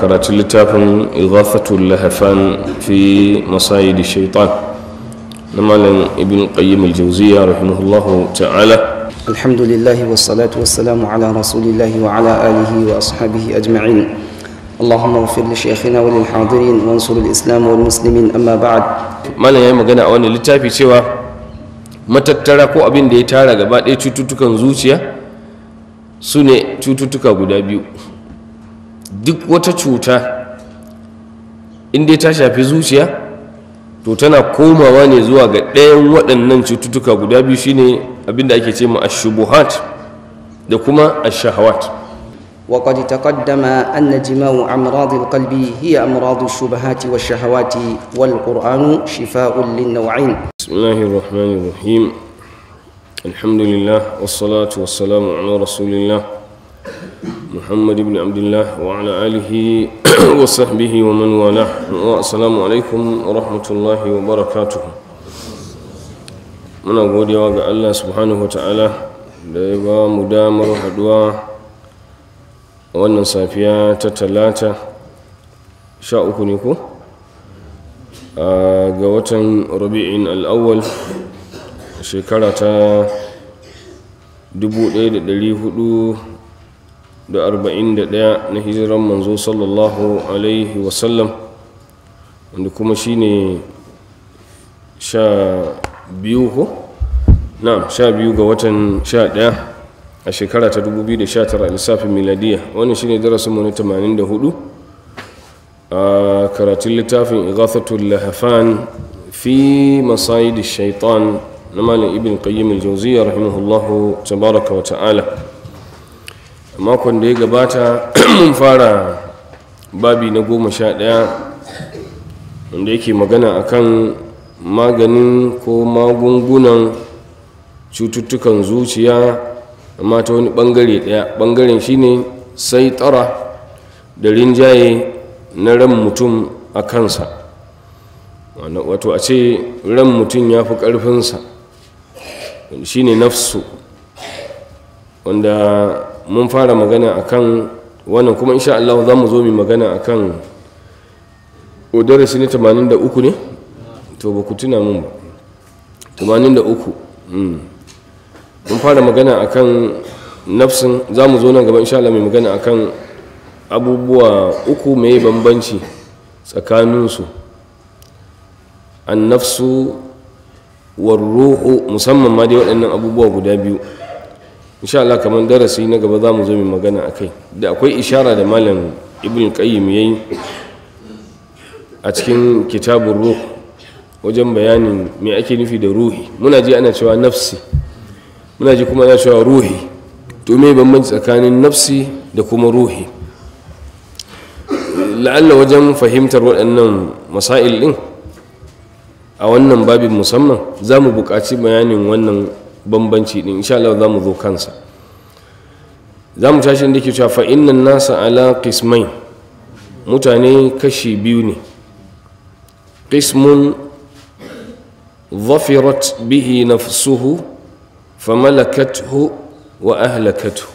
karatun littafin ighafatul lahafan fi da shaitan na malin ibn qayyim al rahimahullahu ta'ala alhamdulillahi wa salamu ala rasulillahi wa ala alihi wa ashabihi ajma'in اللهم اغفر لشيخنا وللحاضرين وانصر الاسلام والمسلمين اما بعد malam yayi magana a wani littafi cewa matattara ko abin da ya tara gaba ɗaya cututtukan zuciya sune cututtuka guda biyu duk wata cuta inda ta shafi zuciya to tana komawa ne zuwa ga ɗayan waɗannan cututtuka guda biyu shine abinda ake ce ma ashubuhat da kuma ashahawat وقد تقدم أن جماع أمراض القلب هي أمراض الشبهات والشهوات والقرآن شفاء للنوعين بسم الله الرحمن الرحيم الحمد لله والصلاة والسلام على رسول الله محمد بن عبد الله وعلى آله وصحبه ومن والاه والسلام عليكم ورحمة الله وبركاته muna godewa ga Allah subhanahu ta'ala da ya ba mu damar haɗuwa wannan safiya ta talata sha uku ne ko ga watan rabi'in al'awwal shekara ta hudu. da arba'in da ɗaya na hijiran manzo sallallahu alaihi wasallam wanda kuma shi ne sha biyu ko? na sha biyu ga watan sha ɗaya a shekara ta 2019 lissafin miladiya wannan shi ne darasinmu na 84 a karatun littafin igathatul lahafan fi da shaitan na malin ibn qayyim al-jawziya rahimahullahu tabaraka wa ta'ala makon da ya gabata mun fara babi na goma sha ɗaya wanda yake magana akan maganin ko magungunan cututtukan zuciya amma ta wani ɓangare ɗaya ɓangaren shine sai tsara da rinjaye na ran mutum a kansa wato a ce ran mutum ya fi ƙarfinsa shine nafsu wanda mun fara magana akan wannan kuma insha Allah za mu zo mu magana akan odarasi ne 83 ne to ba ku tuna mun ba 83 hmm. mun fara magana akan nafsin za mu zo nan gaba insha Allah mai magana akan abubuwa uku mai bambanci tsakaninsu an nafsu ruhu musamman ma dai waɗannan abubuwa guda biyu insha Allah kamar darasi na gaba za mu zo mai magana a kai da akwai ishara da malam ibn qayyim yayi a cikin kitabun ruh wajen bayanin me ake nufi da ruhi muna ji ana cewa nafsi muna ji kuma ana cewa ruhi to me bambanci tsakanin nafsi da kuma ruhi la'alla wajen fahimtar waɗannan masail ɗin a wannan babin musamman za mu buƙaci bayanin wannan bambanci din insha Allah zamu zo kansa za mu tashi da ke cewa fa innan nasa ala qismain mutane kashi biyu ne qismun ظفرت به نفسه فملكته وأهلكته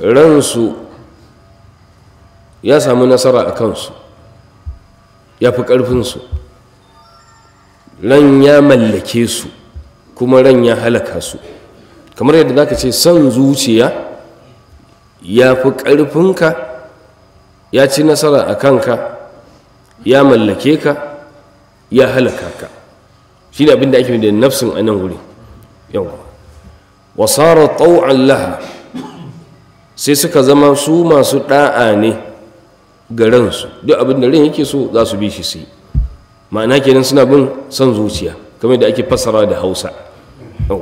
ransu ya يا nasara a kansu, يا فكر فنسو ran ya mallake su kuma ran ya halaka su kamar yadda za ka ce son zuciya ya fi ƙarfinka ya ci nasara a kanka ya mallake ka ya halaka ka shi ne abinda ake da nafsin a nan wuri yau wasara tsawon laha sai suka zama su masu ɗa'a ne ga ransu duk da ran yake so za su bi shi sai ma'ana kenan suna bin son zuciya kamar da ake fassara da hausa ta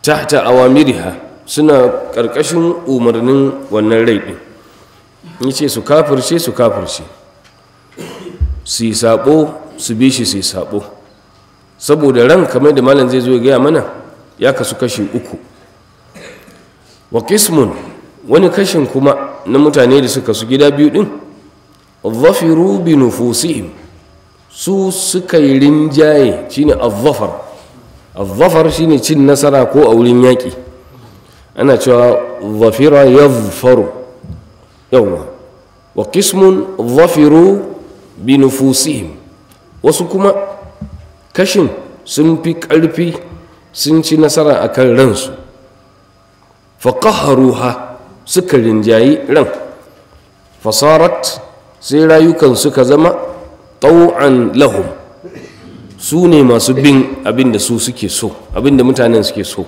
tahta awamiriha suna ƙarƙashin umarnin wannan rai ɗin ni ce su kafirce su kafirce su yi sabo su bi shi su yi sabo saboda ran kamar da malam zai zo ya gaya mana ya kasu kashi uku wa kismun wani kashin kuma na mutane da suka su gida biyu din zafiru bi nufusihim su suka yi rinjaye shine azzafar azzafar shine cin nasara ko a wurin yaƙi ana cewa zafira ya zafaru yawwa wa kismun zafiru bi nufusihim wasu kuma kashin sun fi ƙarfi sun ci nasara a kan ransu faƙaharuha suka rinjaye ran fasarat sai rayukan suka zama tau'an lahum su ne masu bin abin da su suke so abin da mutanen suke so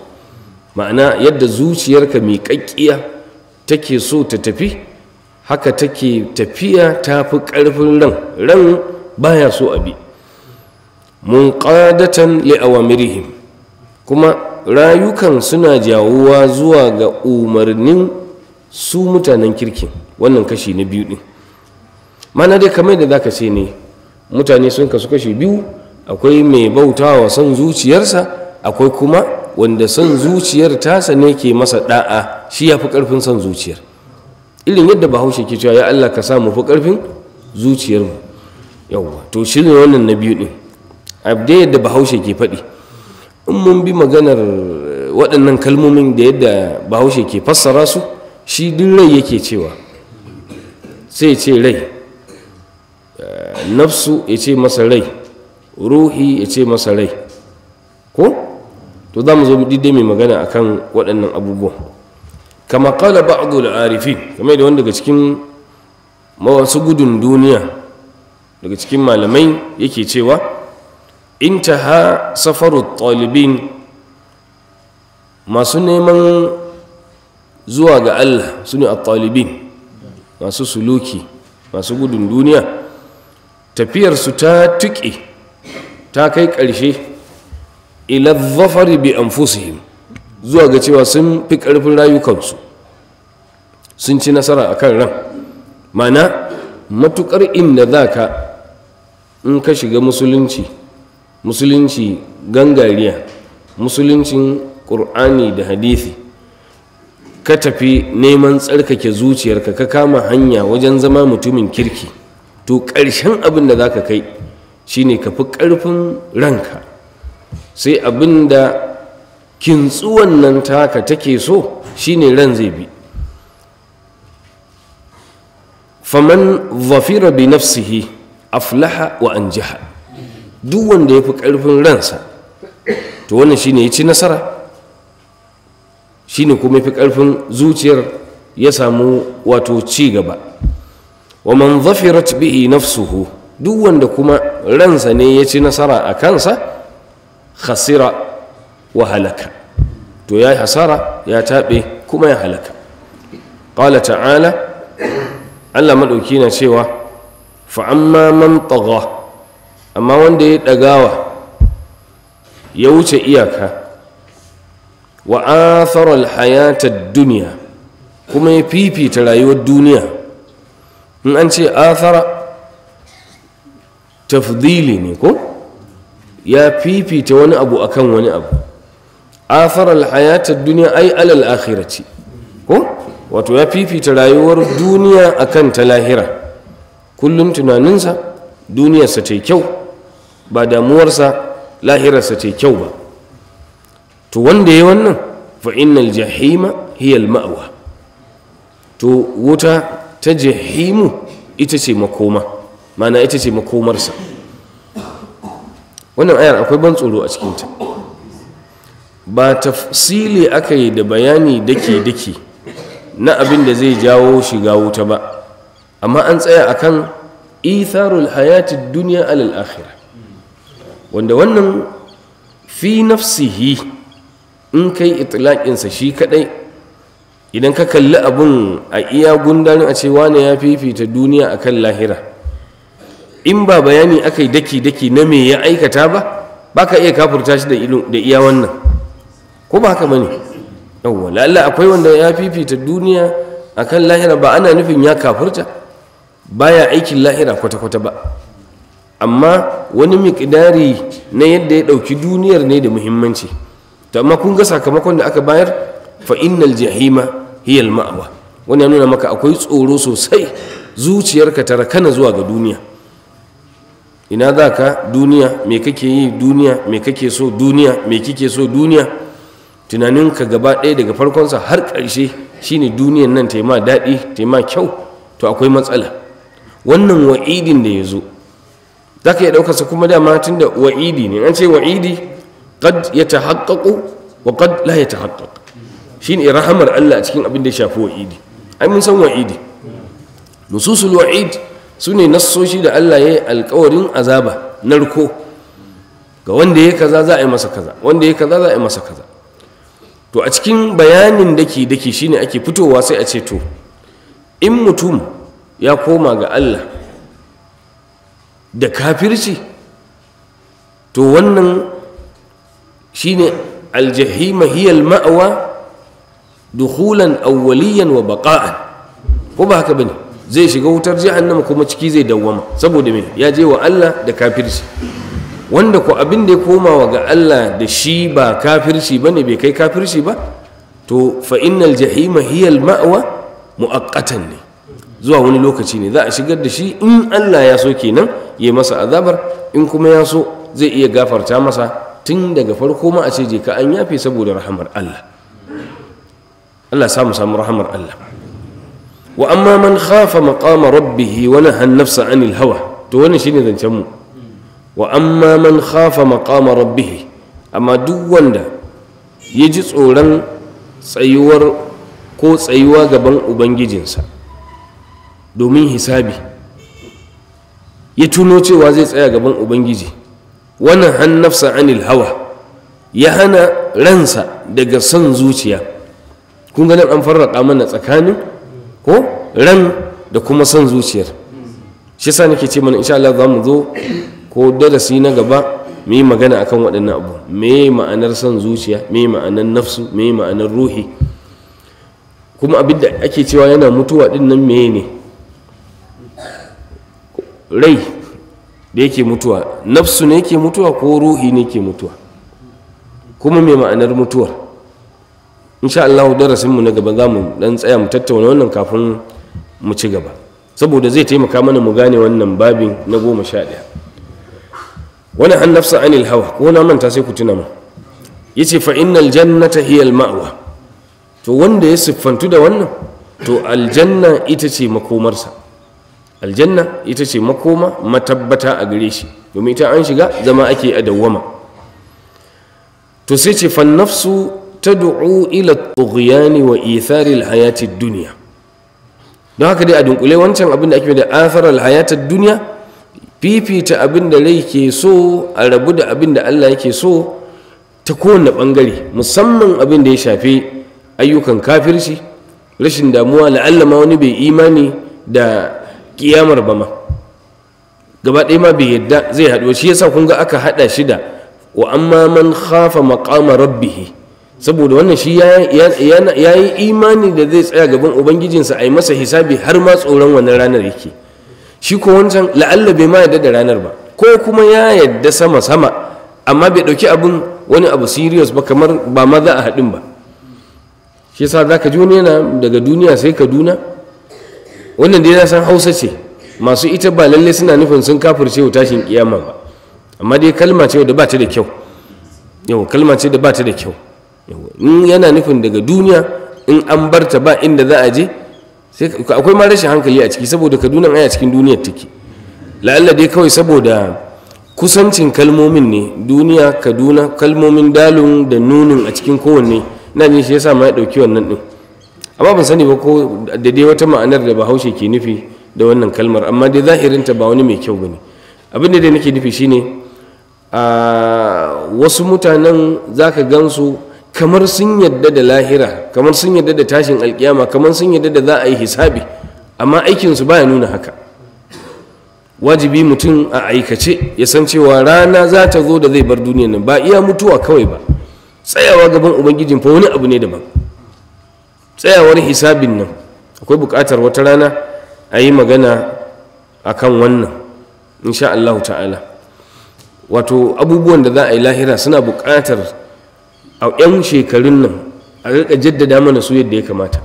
ma'ana yadda zuciyarka miƙaƙƙiya take so ta tafi haka take tafiya ta fi ƙarfin ran ran baya so abi munqadatan li awamirihim kuma rayukan suna jawuwa zuwa ga umarnin su mutanen kirkin wannan kashi na biyu ɗin. mana dai kamar da zaka ce ne mutane sun kasu kashi biyu akwai mai bautawa son zuciyarsa akwai kuma wanda son zuciyar tasa ne ke masa da'a shi ya fi karfin son zuciyar irin yadda bahaushe ke cewa ya allah ka sa mu fi karfin zuciyarmu yauwa to shi ne wannan na biyu din abda yadda bahaushe ke faɗi in mun bi maganar eh, waɗannan kalmomin da yadda bahaushe ke fassara su shi din rai yake cewa sai ce rai nafsu ya ce masa rai ruhi ya ce masa rai ko to za mu zo dai mai magana a kan waɗannan abubuwa. kama kala ba'dul arifin kamar da wanda daga cikin mawasu gudun duniya daga cikin malamai yake cewa intaha safaru talibin masu neman zuwa ga Allah su ne a talibin masu suluki masu gudun duniya tafiyarsu ta tuƙe ta kai ƙarshe ila zafari bi anfusihim zuwa ga cewa sun fi ƙarfin rayukansu sun ci nasara a kan ran mana matuƙar inda za ka in ka shiga musulunci musulunci gangariya musuluncin ƙur'ani da hadithi ka tafi neman tsarkake zuciyarka ka kama hanya wajen zama mutumin kirki to ƙarshen abin da za ka kai shi ne ka fi ƙarfin ranka sai abin da kintsuwan nan taka take so shi ne ran zai bi faman zafira bi nafsihi aflaha wa an jiha duk wanda ya fi ƙarfin ransa to wannan ne ya ci nasara shi ne kuma ya fi ƙarfin zuciyar ya samu wato ci gaba wa man zafirat bihi nafsuhu duk wanda kuma ransa ne ya ci nasara a kansa khasira wa halaka to ya yi hasara ya taɓe kuma ya halaka ƙala ta'ala allah maɗauki na cewa fa'amma man tagha amma wanda ya ɗagawa ya wuce iyaka wa atharar hayatar duniya kuma ya fifita rayuwar duniya in an ce athara tafdili ne ko ya fifita wani abu akan wani abu athara alhayata duniya ai alal akhirati ko wato ya fifita rayuwar duniya akan ta lahira kullum tunaninsa duniyarsa ta kyau ba damuwarsa lahirarsa ta kyau ba to wanda ya wannan fa innal jahima hiya to wuta ta jahimu ita ce makoma mana ita ce makomarsa wannan ayar akwai ban tsoro a cikinta ba tafsili aka yi da bayani dake-dake na abin da zai jawo shiga wuta ba amma an tsaya akan itharul hayati duniya alal akhira wanda wannan fi nafsihi in kai itlaƙinsa shi kaɗai idan ka kalli abun a iya gundani a cewa na ya fifita duniya a kan lahira in ba bayani aka yi daki-daki na me ya aikata ba ba ka iya kafurta shi da iya wannan ko ba haka ba ne yawon lalla akwai wanda ya fifita duniya a kan lahira ba ana nufin ya kafurta ba ya aikin lahira kwata-kwata ba amma wani mikidari na yadda ya ɗauki duniyar ne da muhimmanci ta amma kun ga sakamakon da aka bayar fa innal jahima hiya al wani ya nuna maka akwai tsoro sosai zuciyarka ta rakana zuwa ga duniya ina za ka duniya me kake yi duniya me kake so duniya me kike so duniya tunaninka gaba ɗaya daga farkonsa har ƙarshe shine duniyan nan ta ma daɗi ta ma kyau to akwai matsala wannan wa'idin da ya zo za ka iya ɗaukarsa kuma dama tun da wa'idi ne an ce wa'idi qad ya haƙaƙo wa qad la ya haƙaƙo. shine rahamar Allah a cikin abin da ya shafi wa'idi ai mun san wa'idi nususul wa'id sune nassoshi da Allah ya yi alƙawarin azaba narko ga wanda ya kaza za a yi masa kaza wanda ya kaza za a yi masa kaza to a cikin bayanin dake dake shine ake fitowa sai a ce to in mutum ya koma ga Allah da kafirci to wannan shine aljahima hiyal ma'awa dukhulan awwaliyan wa baqa'an ko ba haka bane zai shiga wutar jahannama kuma ciki zai dawwama saboda me ya je wa Allah da kafirci wanda ko abin da ya komawa ga Allah da shi ba kafirci bane bai kai kafirci ba to fa innal jahima hiya al ma'wa mu'aqqatan ne zuwa wani lokaci ne za a shigar da shi in Allah ya so kenan yayi masa azabar in kuma ya so zai iya gafarta masa tun daga farko ma a ce je ka an yafe saboda rahamar Allah Allah samu samu rahamar Allah wa amma man khafa maqama rabbih wa naha an-nafsa 'anil hawa to wannan shine zancen mu wa amma man khafa maqama rabbih amma duk wanda ya ji tsoron tsayuwar ko tsayuwa gaban ubangijinsa domin hisabi ya tuno cewa zai tsaya gaban ubangiji wannan hannafsa anil hawa ya hana ransa daga son zuciya kun gani an farraka mana tsakanin ko ran da kuma son zuciyar shi sa nake ce mana insha Allah za mu zo ko darasi na gaba mu yi magana akan waɗannan abu me ma'anar son zuciya me ma'anar nafsu me ma'anar ruhi kuma abin da ake cewa yana mutuwa din nan me ne rai da yake mutuwa nafsu ne yake mutuwa ko ruhi ne yake mutuwa kuma me ma'anar mutuwar insha Allah darasin mu na gaba za mu dan tsaya mu tattauna wannan kafin mu ci gaba saboda zai taimaka mana mu gane wannan babin na goma sha ɗaya wani an nafsa an ilhawa ko na manta sai ku tuna ma Ya ce fa innal jannata hiya al to wanda ya siffantu da wannan to aljanna ita ce makomarsa aljanna ita ce makoma matabbata a gare shi domin ita an shiga zama ake a dawwama to sai ce fa nafsu tad'u ila at wa ithar al-hayati ad-dunya don haka dai a dunkule wancan abin da ake da athar al hayat ad-dunya fifita abin da rai ke so a rabu da abin da Allah yake so ta kowane bangare musamman abin da ya shafi ayyukan kafirci rashin damuwa la'alla ma wani bai imani da kiyamar ba ma gaba ɗaya ma bai yadda zai haɗu shi yasa kun ga aka haɗa shi da wa amma man khafa maqama rabbihi saboda wannan shi ya yi imani da zai tsaya gaban ubangijinsa a yi masa hisabi har ma tsoron wannan ranar yake shi ko wancan la'alla bai ma yadda da ranar ba ko kuma ya yadda sama sama amma bai ɗauki abin wani abu serious ba kamar ba ma za a haɗin ba shi yasa za ka ji yana daga duniya sai kaduna wannan dai na san hausa ce masu ita ba lallai suna nufin sun kafirce wa tashin kiyama ba amma dai kalma ce da ba ta da kyau yau kalma ce da ba ta da kyau in yana nufin daga duniya in an barta ba inda za a je akwai ma rashin hankali a ciki saboda kaduna ai a cikin duniyar take la'alla dai kawai saboda kusancin kalmomin ne duniya kaduna kalmomin dalun da nunin a cikin kowanne na jin shi yasa ma ya dauki wannan ɗin amma ban sani ba ko da dai wata ma'anar da bahaushe ke nufi da wannan kalmar amma dai zahirinta ba wani mai kyau ba ne abin da dai nake nufi shine a ah, wasu mutanen za ka gansu kamar sun yadda da lahira kamar sun yadda da tashin alkiyama kamar sun yadda da za a yi hisabi amma aikinsu baya nuna haka wajibi mutum a aikace ya san cewa rana za ta zo da zai bar duniyar nan ba iya mutuwa kawai ba tsayawa gaban ubangijin fa wani abu ne daban tsayawar hisabin nan akwai buƙatar wata rana a yi magana a kan wannan inshaAllahu ta'ala wato abubuwan da za a yi lahira suna buƙatar a 'yan shekarun nan a rika jaddada mana su yadda ya kamata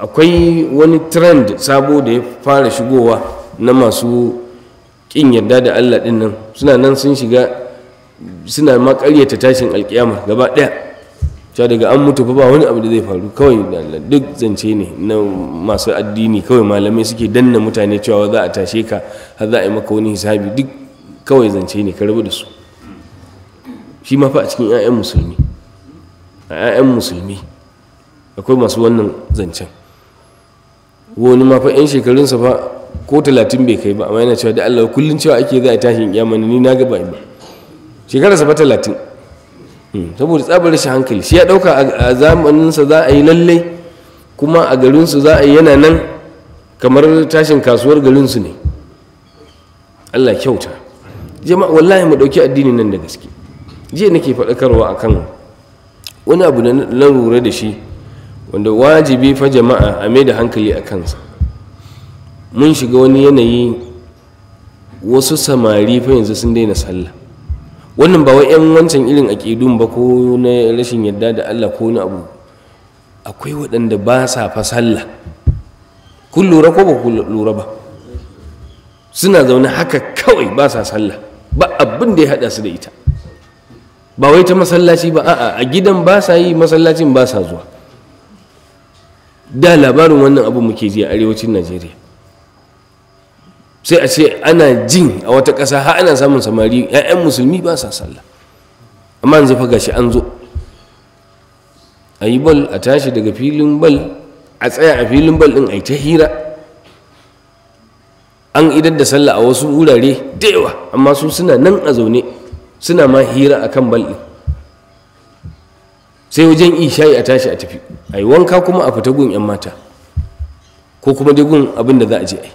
akwai wani trend sabo da ya fara shigowa na masu kin yarda da allah ɗin nan suna nan sun shiga suna ma ƙaryata tashin alkiyama gaba ɗaya cewa daga an mutu ba wani abu da zai faru kawai duk zance ne na masu addini kawai malamai suke danna mutane cewa za a tashe ka har za a yi maka wani hisabi duk kawai zance ne ka rabu da su shi ma fa a cikin 'ya'yan musulmi a 'ya'yan musulmi akwai masu wannan zancen wani ma fa 'yan shekarunsa fa ko talatin bai kai ba amma yana cewa da allah kullum cewa ake za a tashin yamani ni na gaba ba shekararsa fa talatin hmm, saboda tsabar rashin hankali shi ya dauka a zamaninsa za a yi lallai kuma a garinsu za a yi yana nan kamar tashin kasuwar garinsu ne allah kyauta jama'a wallahi mu ɗauki addini nan da gaske jiya nake faɗakarwa akan wani abu da na lura da shi wanda wajibi fa jama'a a mai da hankali a kansa mun shiga wani yanayi wasu samari fa yanzu sun daina sallah wannan ba wai 'yan wancan irin aƙidun ba ko na rashin yadda da allah ko na abu akwai waɗanda ba sa fa sallah kun lura ko ba lura ba suna zaune haka kawai ba sa sallah ba abin da ya haɗa su da ita ba wai ta masallaci ba a'a a gidan ba sa yi masallacin ba sa zuwa da labarin wannan abu muke ji a arewacin najeriya sai a ce ana jin a wata ƙasa har ana samun samari 'ya'yan musulmi ba sa sallah amma an zafa gashi an zo a yi bal a tashi daga filin bal a tsaya a filin bal ɗin a yi ta hira an idar da sallah a wasu wurare da yawa amma su suna nan a zaune suna ma hira a kan bal'i sai wajen isha'i a tashi a tafi a yi wanka kuma a fita gun 'yan mata ko kuma dai gun abin da za a je a yi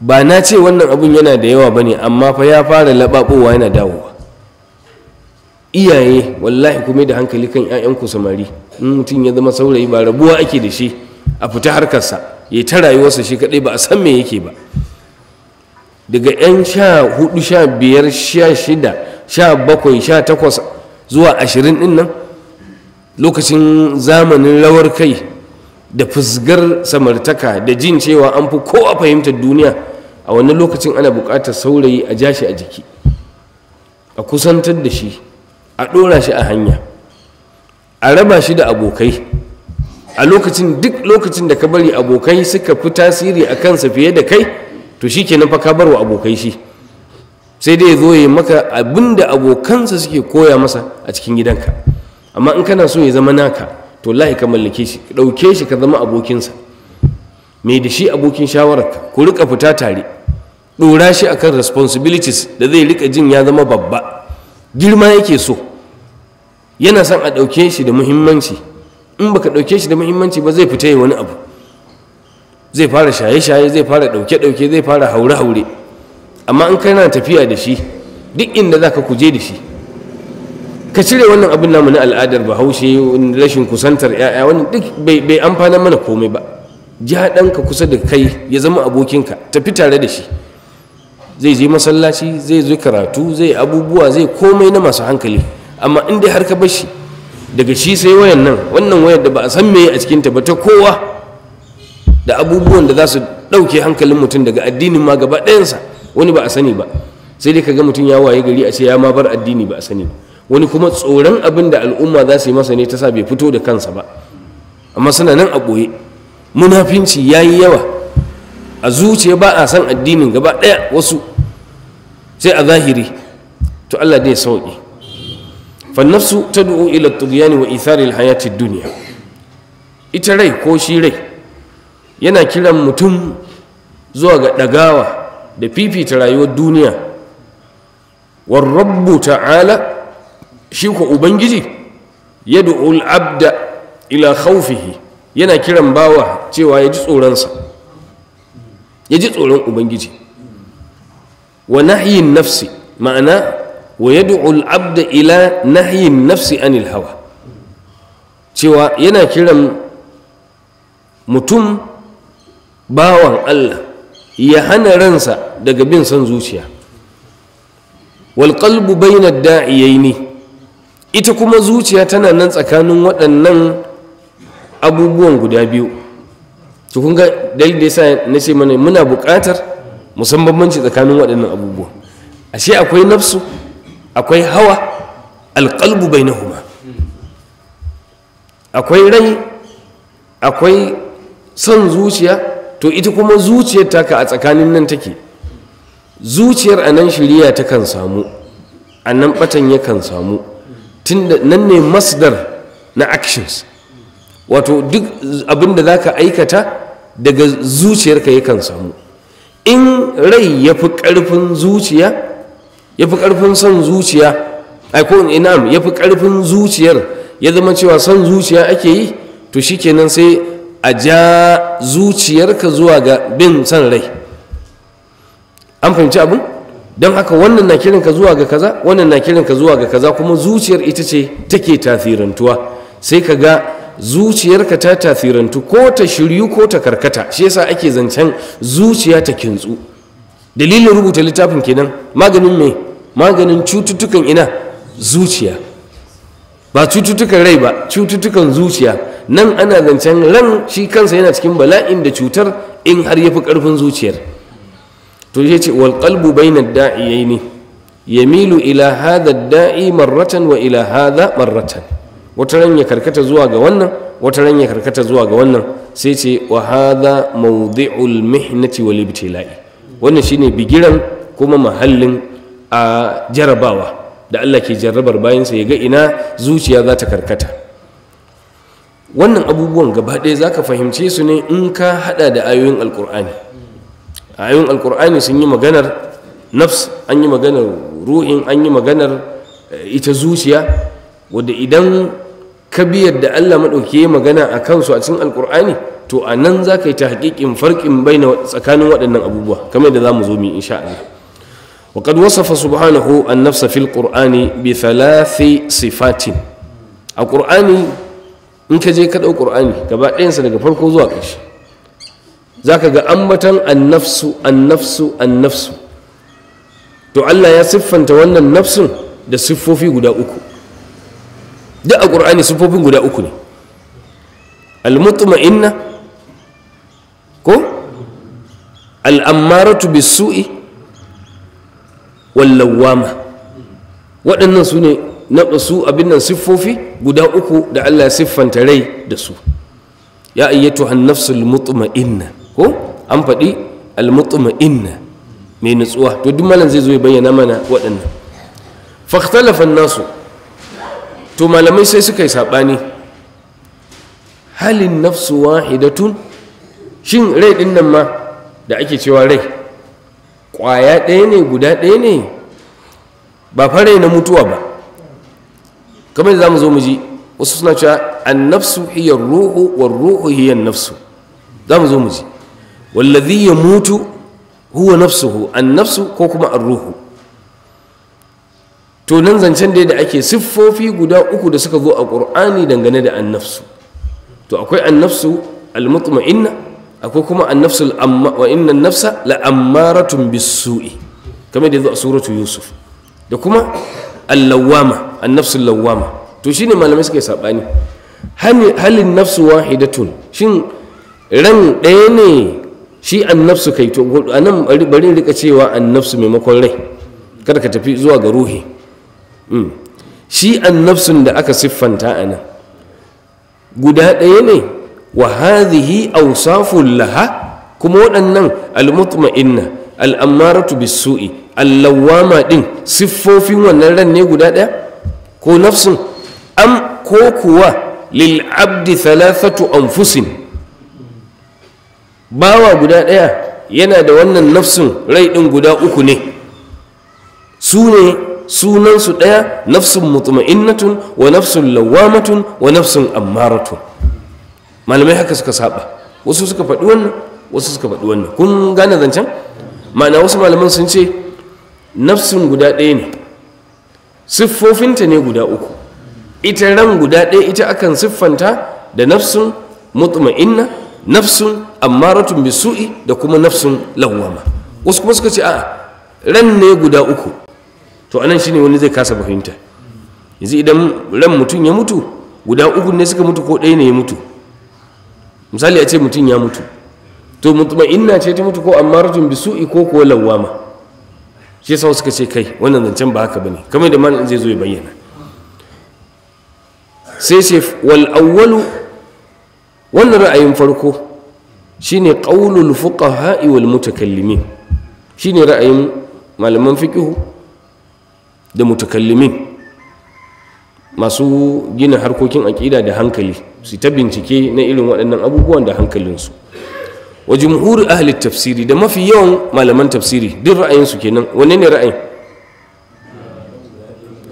ba na ce wannan abin yana da yawa ba ne amma fa ya fara laɓaɓowa yana dawowa iyaye wallahi kuma da hankali kan 'ya'yanku samari in mutum ya zama saurayi ba rabuwa ake da shi a fita harkarsa ya ta rayuwarsa shi kaɗai ba a san me yake ba daga 'yan sha hudu sha biyar sha shida sha bakwai sha takwas zuwa ashirin din nan lokacin zamanin rawar kai da fusgar samartaka da jin cewa an fi kowa fahimtar duniya a wani lokacin ana buƙatar saurayi a jashi a jiki a kusantar da shi a ɗora shi a hanya a raba shi da abokai a lokacin duk lokacin da ka bari abokai suka fi tasiri a kansa fiye da kai to shi ke fa ka bar wa abokai shi sai dai ya zo ya maka abin da abokansa suke koya masa a cikin gidanka amma in kana so ya zama naka to lahi ka mallake shi ɗauke shi ka zama abokinsa mai da shi abokin shawararka ku rika fita tare ɗora shi akan responsibilities da zai rika jin ya zama babba girma yake so yana son a ɗauke shi da muhimmanci in baka ɗauke shi da muhimmanci ba zai fita yi wani abu zai fara shaye-shaye zai fara ɗauke-ɗauke zai fara haure-haure amma in kana tafiya da shi duk inda za ka kuje da shi ka cire wannan abin namu na al'adar bahaushe rashin kusantar 'ya'ya wannan duk bai amfana mana komai ba ja ɗanka kusa da kai ya zama abokinka tafi tare da shi zai je masallaci zai zo karatu zai abubuwa zai komai na masu hankali amma in dai har ka bar shi daga shi sai wayan nan wannan wayar da ba a san me a cikinta ba ta kowa da abubuwan da za su ɗauke hankalin mutum daga addinin ma gaba ɗayansa wani ba a sani ba sai dai kaga mutum ya waye gari a ce ya ma bar addini ba a sani wani kuma tsoron abin da al'umma za su yi masa ne ta sa bai fito da kansa ba amma suna nan a ɓoye munafinci ya yi yawa a zuciya ba a san addinin gaba ɗaya wasu sai a zahiri to Allah dai sauƙi fannafsu ta du'u ila tughyani wa ithari hayati duniya ita rai ko shi rai yana kiran mutum zuwa ga ɗagawa da fifita rayuwar duniya war rabbu ta'ala shi ko ubangiji yad'ul abda ila khawfihi yana kiran bawa cewa ya ji tsoronsa ya ji tsoron ubangiji wa nahyin nafsi ma'ana wa abda ila nahyin nafsi anil hawa cewa yana kiran mutum bawan Allah ya hana ransa daga bin son zuciya walƙalbu na da'iyai ne ita kuma zuciya tana nan tsakanin waɗannan abubuwan guda biyu to kun ga dalilin da yasa na ce mana muna buƙatar musamman banci tsakanin waɗannan abubuwa, ashe akwai nafsu akwai hawa alƙalbu huma akwai rai akwai son zuciya to ita kuma zuciyar taka a tsakanin nan take zuciyar a nan shirya ta kan samu a nan batan ya kan samu tunda nan ne masdar na actions wato duk abin da za ka aikata daga zuciyarka ya kan samu in rai ya fi ƙarfin zuciya ya fi ƙarfin son zuciya ko inam ya fi ƙarfin zuciyar ya zama cewa son zuciya ake yi to shi shikenan sai a ja zuciyarka zuwa ga bin son rai an fahimci abin don haka wannan na kiranka zuwa ga kaza wannan na kiranka zuwa ga kaza kuma zuciyar ita ce take tasirantuwa sai ka ga zuciyarka ta tasirantu ko ta shiryu ko ta karkata shi yasa ake zancen zuciya ta kintsu dalilin rubuta littafin kenan maganin me maganin cututtukan ina zuciya ba cututtukan rai ba cututtukan zuciya nan ana zancen ran shi kansa yana cikin bala'in da cutar in har ya fi ƙarfin zuciyar to ya ce wal qalbu bayna da'iyaini yamilu ila hadha da'i marratan wa ila hadha marratan wata ran ya karkata zuwa ga wannan wata ran ya karkata zuwa ga wannan sai ce wa hadha mawdi'ul mihnati wal ibtila'i wannan shine bigiran kuma mahallin a jarabawa da Allah ke jarrabar bayansa ya ga ina zuciya za ta karkata wannan abubuwan gaba ɗaya za ka fahimce su ne in ka haɗa da ayoyin alƙur'ani ayoyin alƙur'ani sun yi maganar nafs an yi maganar ruhin an yi maganar eh, ita zuciya wadda idan ka biyar da Allah maɗauki ya magana a kansu a cikin alƙur'ani to a nan za ka yi ta haƙiƙin farƙin bai na tsakanin waɗannan abubuwa kamar da za mu zo mu insha Allah وقد وصف سبحانه النفس في القرآن بثلاث صفات القرآن in ka je ka ƙur'ani gaba ɗayansa daga farko zuwa ƙarshe za ka ga ambatan annafsu annafsu annafsu to allah ya siffanta wannan nafsun da siffofi guda uku duk a ƙur'ani siffofin guda uku ne almutma'inna ko al'ammaratu bisu'i wallawama waɗannan su ne na su abin nan siffofi guda uku da Allah siffanta rai da su ya ayyatu an nafsul mutma'inna ko an faɗi al mutma'inna mai nutsuwa to duk malam zai zo ya bayyana mana waɗannan fakhtalafa nasu to malamai sai suka yi saɓani halin nafsu wahidatun shin rai ɗinnan nan ma da ake cewa rai Kwaya ɗaya ne guda ɗaya ne ba fara na mutuwa ba kamar za mu zo mu ji wasu suna cewa an nafsu hiyar ruhu wa ruhu hiyar nafsu za mu zo mu ji wallazi ya mutu huwa nafsuhu an nafsu ko kuma an ruhu to nan zancen da da ake siffofi guda uku da suka zo a ƙur'ani dangane da an nafsu to akwai an nafsu al-mutma'inna akwai kuma annafsul amma wa inna nafsa la ammaratun bisu'i kamar da yazo a suratu yusuf da kuma allawama annafsul lawama to shine malamai suka yi sabani halin nafsu wahidatun shin ran ɗaya ne shi annafsu kai to anan bari rika cewa annafsu maimakon rai kada ka tafi zuwa ga ruhi hmm. shi annafsun da aka siffanta anan guda ɗaya ne wa hadhihi awsafun laha kuma waɗannan al-mutma'inna al-ammaratu bisu'i, sui al din siffofin wannan ran ne guda ɗaya ko nafsin am ko kuwa lil abdi thalathatu anfusin bawa guda ɗaya yana da wannan nafsin rai ɗin guda uku ne su ne sunansu ɗaya nafsun mutma'innatun wa nafsun lawamatun wa nafsun ammaratun malamai haka suka saba wasu suka faɗi wannan wasu suka faɗi wannan kun gane zancen ma'ana wasu malaman sun ce nafsin guda ɗaya ne siffofinta ne guda uku ita ran guda ɗaya ita akan siffanta da nafsin mutma'inna nafsin ammaratun bisu'i da kuma nafsin lawwama wasu kuma suka ce a ran ne guda uku to anan shine wani zai kasa fahimta yanzu idan ran mutum ya mutu guda uku ne suka mutu ko ɗaya ne ya mutu misali a ce mutum ya mutu to ina ce ta mutu ko amma bi bisu'i ko ko lawama shi yasa suka ce kai wannan zancen ba haka bane kamar da malamin zai zo ya bayyana sai ce wal awwalu wannan ra'ayin farko shine qaulul ha'i wal mutakallimin shine ra'ayin malaman fiqh da mutakallimin masu gina harkokin aƙida da hankali su ta bincike na irin waɗannan abubuwan da hankalinsu wa jumhur ahli tafsiri da mafi yawan malaman tafsiri duk ra'ayinsu kenan wanne ne ra'ayin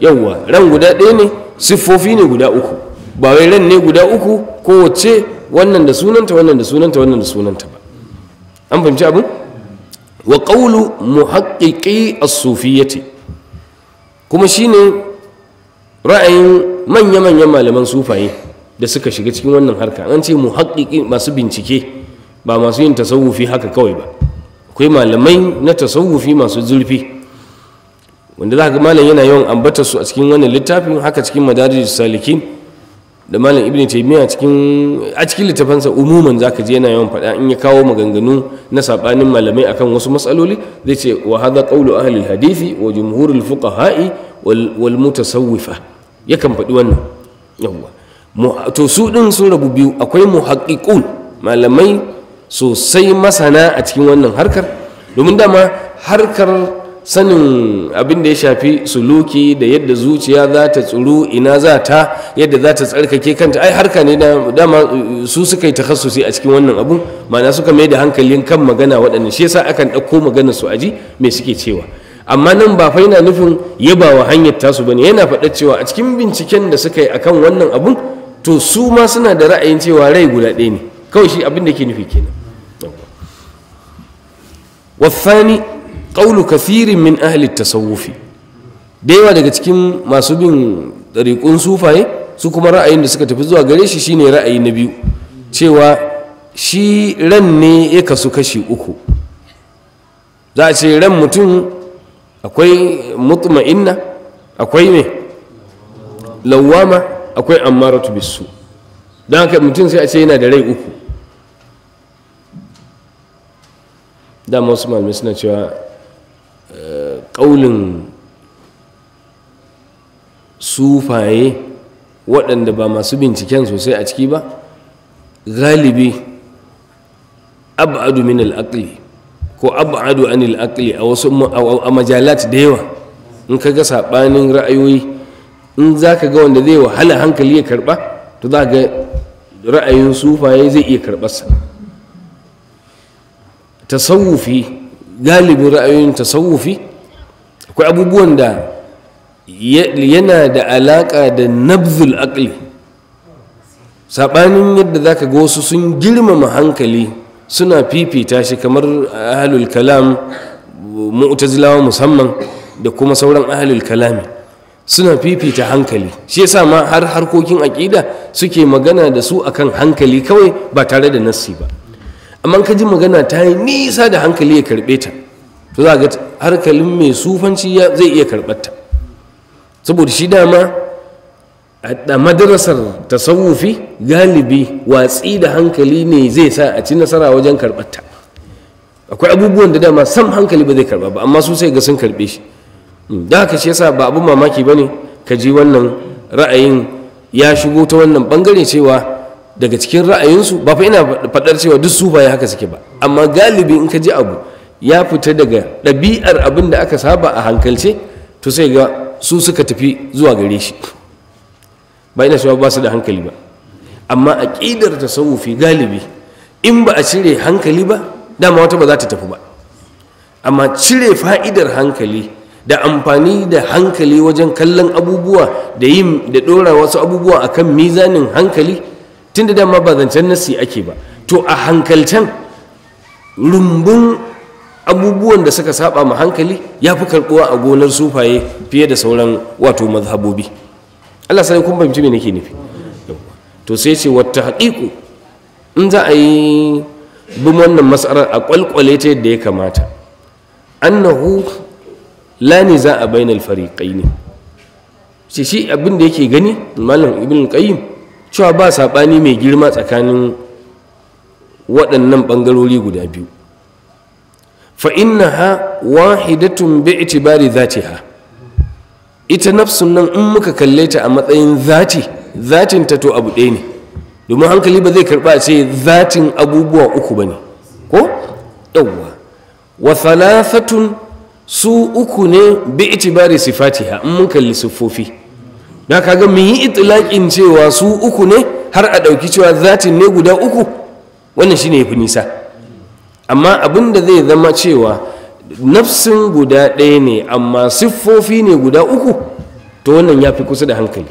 yawwa ran guda ɗaya ne siffofi ne guda uku ba wai ran ne guda uku ko wacce wannan da sunanta wannan da sunanta wannan da sunanta ba an fahimci abin wa mu muhaqqiqi as-sufiyyati kuma shine ra'ayin manya-manyan malaman sufaye da suka shiga cikin wannan harka an ce muhaƙiƙi masu bincike ba masu yin tasawufi haka kawai ba akwai malamai na tasawufi masu zurfi wanda za ka malam yana yawan ambata su a cikin wannan littafin haka cikin madarijin salikin da malam ibn taymiya cikin a cikin sa umuman za ka yana yawan faɗa in ya kawo maganganu na saɓanin malamai akan wasu matsaloli zai ce wa hadha qawlu ahli hadisi wa jumhurul fuqaha'i wal mutasawwifa yakan faɗi wannan yawwa to su ɗin sun rabu biyu akwai muhaƙiƙun malamai sosai masana a cikin wannan harkar domin dama harkar sanin abin da ya shafi suluki da yadda zuciya za ta tsuru ina za ta yadda za ta tsarkake kanta ai harka ne dama su suka yi takhassusi a cikin wannan abun ma'ana suka mai da hankali kan magana waɗannan shi yasa akan ɗauko magana su aji me suke cewa amma nan ba fa yana nufin yaba wa hanyar tasu bane yana faɗa cewa a cikin binciken da suka yi akan wannan abun to su ma suna da ra'ayin cewa rai guda ɗaya ne kawai shi abin da ke nufi kenan wasani ƙaulu kafirin min ahli tasawufi da yawa daga cikin masu bin ɗariƙun sufaye su kuma ra'ayin da suka tafi zuwa gare shi shi ne ra'ayi na biyu cewa shi ran ne ya kasu kashi uku za a ce ran mutum akwai mutma'inna akwai me lawama akwai ammaratu bisu don haka mutum sai a ce yana da rai uku dama wasu malamai suna cewa eh, ƙaunin sufaye waɗanda ba masu binciken sosai a ciki ba galibi abadu min al'aqli ko abadu an al'aqli a wasu a majalat da yawa in ka ga saɓanin ra'ayoyi in za ka ga wanda zai wahala hankali ya karɓa to za ga ra'ayin sufaye zai iya karɓarsa tasawufi galibin ra'ayoyin tasawufi akwai abubuwan da yana da alaƙa da nabzul aqli saɓanin yadda za ka ga wasu sun girmama hankali suna fifita shi kamar ahalul kalam mu'tazilawa musamman da kuma sauran ahalul kalami suna fifita hankali shi yasa ma har harkokin aƙida suke magana da su akan hankali kawai ba tare da nasi ba amma ka ji magana ta yi nisa da hankali ya karɓe ta to za ga harkalin mai sufanci zai iya karɓar saboda shi dama a madarasar tasawufi galibi watsi da hankali ne zai sa a ci nasara wajen karɓar ta akwai abubuwan da dama sam hankali ba zai karɓa ba amma su sai ga sun karɓe shi da haka shi yasa ba abun mamaki ba ne ka ji wannan ra'ayin ya shigo ta wannan bangare cewa daga cikin ra'ayinsu ba fa ina faɗar cewa duk su ba ya haka suke ba amma galibi in ka ji abu ya fita daga ɗabi'ar abin da aka saba a hankalce to sai ga su suka tafi zuwa gare shi ba ina cewa ba su da hankali ba amma a aƙidar tasawufi galibi in ba a cire hankali ba dama wata ba za ta tafi ba amma cire fa'idar hankali da amfani da hankali wajen kallon abubuwa da yin da ɗora wasu abubuwa a kan mizanin hankali tun da dama ba zancen nasi ake ba to a hankalcen rumbun abubuwan da suka saba ma hankali ya fi karɓuwa a gonar sufaye fiye da sauran wato mazhabobi Allah sai kun fahimci me nake nufi to sai ce wata haƙiƙu in za a yi bin wannan masarar a ƙwalƙwale ta yadda ya kamata annahu lani za a bainal fariƙai ne shi shi abin da yake gani malam ibn qayyim cewa ba saɓani mai girma tsakanin waɗannan ɓangarori guda biyu fa ha wahidatun bi itibari ha? ita nafsun nan in muka kalle ta a matsayin zati zatin ta to abu ɗaya ne domin hankali ba zai karɓa ce zatin abubuwa uku ba ne ko yawwa wa thalathatun su uku ne bi itibari sifatiha in mun kalli siffofi na kaga mun yi itilakin cewa su uku ne har a ɗauki cewa zatin ne guda uku wannan shine yafi nisa amma abin da zai zama cewa nafsin guda ɗaya ne amma siffofi ne guda uku to wannan ya fi kusa da hankali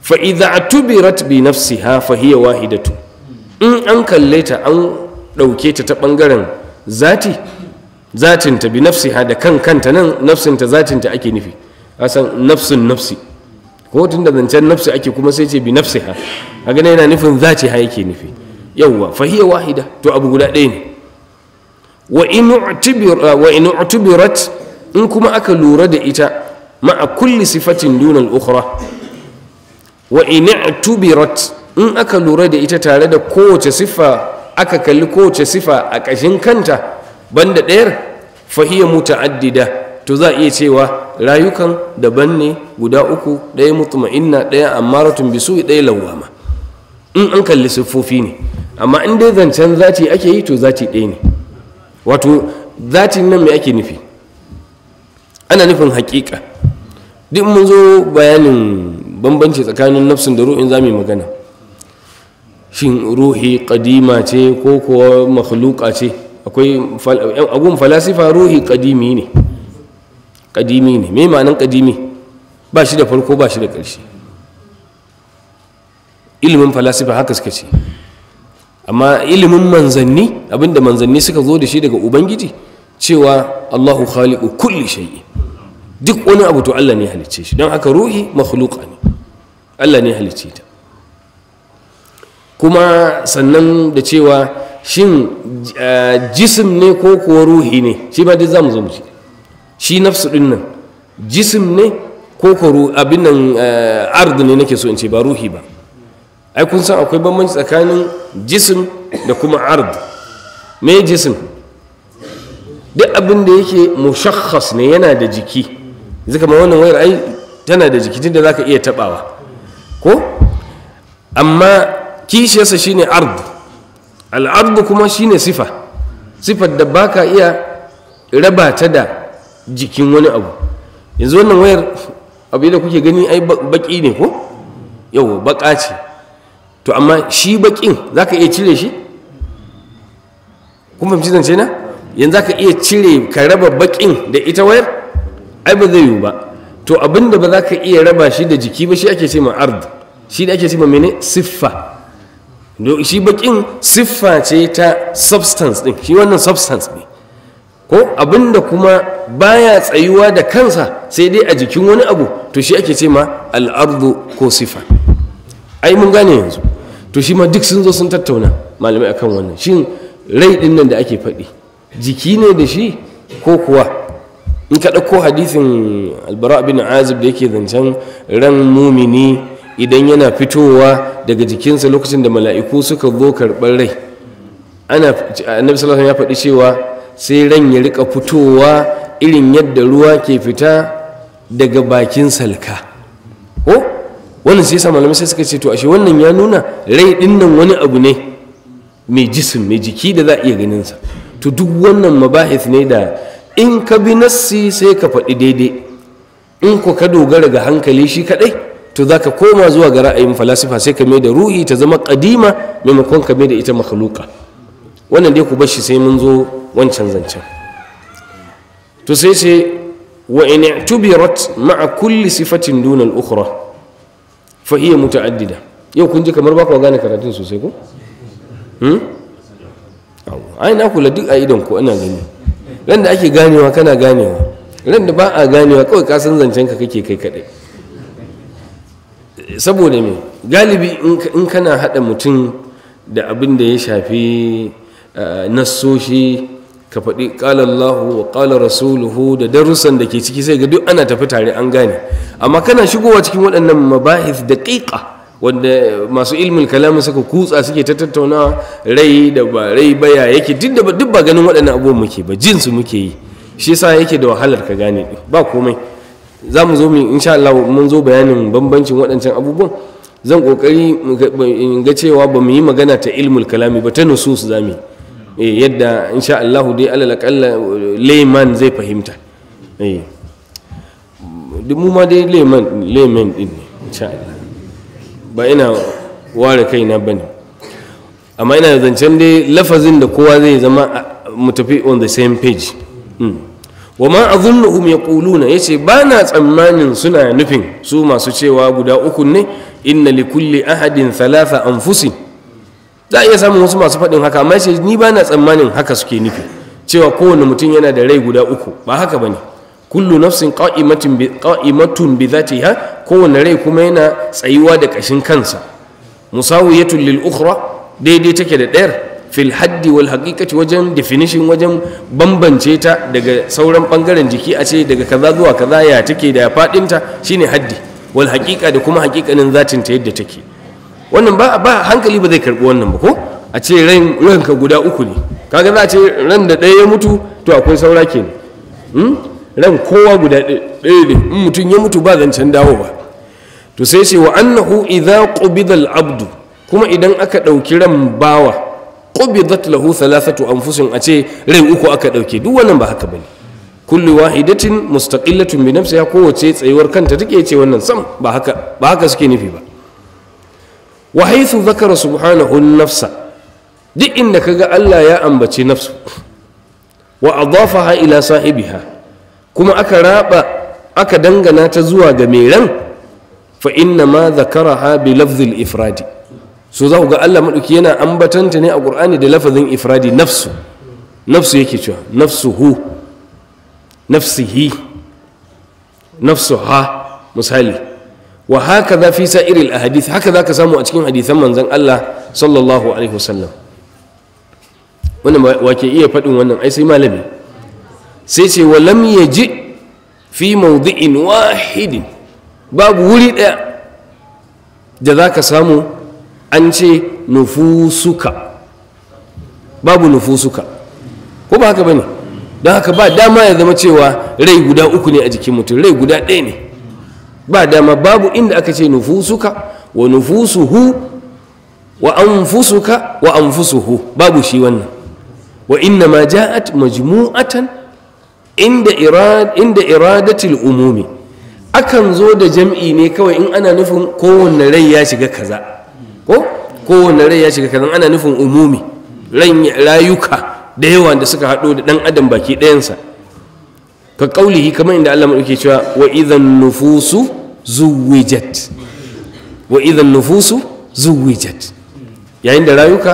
fa idza atubirat bi nafsiha fa hiya wahidatu in an kalle ta an ɗauke ta ta ɓangaren zati zatinta bi nafsi ha da kan kanta nan nafsinta zatinta ake nufi san nafsin nafsi ko tun da zancen nafsi ake kuma sai ce bi nafsi ha. a gane yana nufin zaci ha yake nufi yawwa fahiya wahida to abu guda ɗaya ne ah, wa in utubirat in kuma aka lura da ita ma a kulli sifatin duna al-ukhra wa in utubirat in aka lura da ita tare da kowace sifa aka kalli kowace sifa a ƙashin kanta banda ɗayar fahiyya muta'addida to za a iya cewa rayukan daban ne guda uku ɗaya mutuma'inna ɗaya Amma ammaratun bisu ɗaya lawama in an kalli siffofi ne amma in dai zancen zaci ake yi to zati ɗaya ne wato zati nan me ake nufi ana nufin haƙiƙa duk mun zo bayanin bambanci tsakanin nafsin da ruhin zamu yi magana shin ruhi ƙadima ce ko kuwa makhluqa ce akwai agun falasifa ruhi kadimi ne kadimi ne me ma'anin kadimi ba shi da farko ba shi da ƙarshe ilimin falasifa haka suka ce amma ilimin manzanni abinda manzanni suka zo da shi daga ubangiji cewa allahu khaliku kulli shay'i duk wani abu to allah ne halicce shi don haka ruhi makhluqa ne allah ne halicce ta kuma sannan da cewa shin eh, jisim ne ko kuwa ruhi ne shi ma duk za mu zo mu shi nafsu din nan jisim ne ko kuwa abin nan eh, ard ne nake so in ce ba ruhi ba ai kun san akwai bambanci tsakanin jisim da kuma ard me jisim duk abin da yake mushakhas ne yana da jiki zai kama wannan wayar ai tana da jiki za ka iya tabawa ko amma kishiyarsa shine ard Al'adu kuma shine sifa sifar da baka iya raba ta da jikin wani abu yanzu wannan wayar abu da kuke gani ai baki ne ko yau baka ce to amma shi bakin zaka iya cire shi kun fahimci zance na yanzu zaka iya cire ka raba bakin da ita wayar ai ba zai yiwu ba to abinda ba za ka iya raba shi da jiki ba shi ake ce ma ard shi da ake ce ma mene siffa shi bakin siffa ce ta substance din shi wannan substance ne ko abinda kuma baya tsayuwa da kansa sai dai a jikin wani abu to shi ake ce ma al'ardu ko siffa. ai mun gane yanzu to shi ma duk sun zo sun tattauna malamai akan wannan shin rai din nan da ake faɗi jiki ne da shi ko kuwa in ka ɗauko hadisin albara bin azib da yake zancen ran mumini idan yana fitowa daga jikinsa lokacin da mala'iku suka zo karɓar rai ana annabi sallallahu ya faɗi cewa sai ran ya rika fitowa irin yadda ruwa ke fita daga bakin salka ko wannan sai yasa malamai suka ce to ashe wannan ya nuna rai ɗinnan wani abu ne mai jisim mai jiki da za a iya ganin sa to duk wannan mabahis ne da in ka bi nassi sai ka faɗi daidai in ko ka dogara ga hankali shi kaɗai to za ka koma zuwa ga ra'ayin falasifa sai ka mai da ru'i ta zama kadima maimakon ka mai da ita makhluka wannan dai ku bar shi sai mun zo wancan zancen to sai ce wa in i'tubirat ma'a kulli sifatin duna al-ukhra fa hiya muta'addida yau kun ji kamar ba ku gane karatun sosai ko hmm ai na kula duk a idon ku ina gani ran da ake ganewa kana ganewa ran da ba a ganewa kawai ka san zancen ka kake kai kadai saboda me galibi in kana haɗa mutum da abin da ya shafi eh, nassoshi ka faɗi ƙalallahu wa ƙalar rasuluhu da darussan da ke ciki sai ga duk ana tafi tare an gane amma kana shigowa cikin waɗannan mabahis da ƙiƙa wanda masu ilmin kalamin suka kutsa suke ta tattauna rai da ba rai baya yake duk ba ganin waɗannan abubuwan muke ba jinsu muke yi shi yasa yake da wahalar ka gane ba komai za mu zo mu insha Allah mun zo bayanin bambancin waɗancan abubuwan zan kokari in ga cewa ba mu yi magana ta ilmul kalami ba ta nusus za mu eh, yadda insha Allah dai alal layman zai fahimta eh mu ma dai layman layman din ne insha Allah ba ina ware kaina bane amma ina zancen dai lafazin da kowa zai zama mu tafi on the same page mm. wa ma azunnuhum yaquluna yace ba na tsammanin suna nufin su masu cewa guda uku ne inna li kulli ahadin thalatha anfusi za a iya samun wasu masu faɗin haka amma yace ni ba na tsammanin haka suke nufi cewa kowane mutum yana da rai guda uku ba haka bane kullu nafsin qa'imatun bi qa'imatun bi dhatiha kowane rai kuma yana tsayuwa da ƙashin kansa musawiyatul lil ukhra daidai take da ɗayar fil haddi wal haqiqati wajen definition wajen bambance ta daga sauran bangaren jiki a ce daga kaza zuwa kaza ya take da fadinta shine haddi wal haqiqa da kuma haqiqanin zatin ta yadda take wannan ba ba hankali ba zai karbi wannan ba ko a ce ran ranka guda uku ne kaga za a ce ran da ɗaya ya mutu to akwai saura ke hmm? ran kowa guda ɗaya ne in mutum ya mutu ba zancen dawo ba to sai ce wa annahu idza qubida abdu kuma idan aka ɗauki ran bawa qubidat lahu thalathatu anfusin a ce rai uku aka dauke duk wannan ba haka bane kullu wahidatin mustaqillatun bi nafsiha kowace tsayuwar kanta take ce wannan sam ba haka ba haka suke nufi ba wa haythu dhakara subhanahu nafsa duk inda kaga Allah ya ambaci nafsu wa adafaha ila sahibiha kuma aka raba aka dangana ta zuwa ga mai ran fa inna ma dhakaraha bi lafzil ifradi so za ku ga Allah maɗauki yana ambatanta ne a ƙur'ani da lafazin ifradi nafsu nafsu yake cewa nafsuhu nafsihi ha? misali wa haka za fi sa'iril ahadith haka za ka samu a cikin hadithan manzan? Allah sallallahu alaihi wasallam wake iya faɗin wannan ai sai malami sai ce wa lam yaji fi mawdi'in wahidin babu wuri ɗaya da za ka samu an ce nufusuka babu nufusuka ko ba haka bane don haka ba dama ya zama cewa rai guda uku ne a jikin mutum rai guda ɗaya ne ba dama babu inda aka ce nufusuka wa nufusuhu wa anfusuka wa anfusuhu babu shi wannan wa inna ma ja'at majmu'atan inda irad inda iradatul umumi akan zo da jam'i ne kawai in ana nufin kowanne rai ya shiga kaza ko kowane rai ya shiga kazan ana nufin umumi rayuka da yawa da suka haɗo da ɗan adam baki ɗayansa ka ƙaulihi kamar inda Allah maɗauke cewa wa idan nufusu zuwijat yayin da rayuka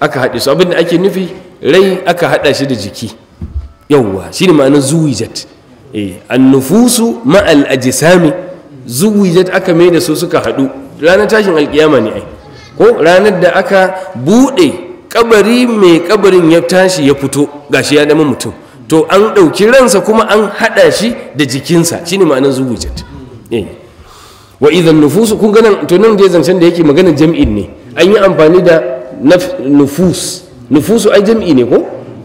aka haɗe su abinda ake nufi rai aka haɗa shi da jiki yauwa shi ne ma'anar zuwijat eh, an nufusu ma'al ajisami zuwijat aka mai da su suka haɗu ranar tashin alƙiyama ne ai ko ranar da aka bude kabari mai kabarin ya tashi ya fito ga shi ya zama mutum to an ɗauki ransa kuma an haɗa shi da jikinsa shine ma'anar zuwujat eh. wa idan nufusu kun ganin to nan ya zancen da yake maganar jam'in ne an yi amfani da nufus nufusu ai jam'i ne ko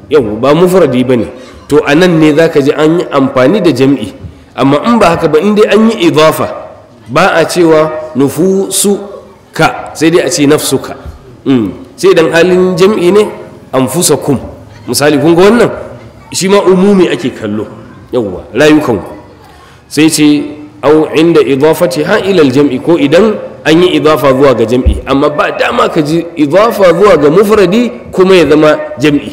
yau ba mufradi ne. to a nan ne za ka ji an yi amfani da jam'i amma in ba haka ba in dai an yi idafa ba a cewa nufusu sai dai a ce nafsuka mm. sai dan halin jam'i ne an fusa kum. misali kun ga wannan shi ma umumi ake kallo yawwa ku sai ce au inda idafati ha ilal jam'i ko idan an yi idafa zuwa ga jam'i amma ba dama ka ji idafa zuwa ga mufradi kuma ya zama jam'i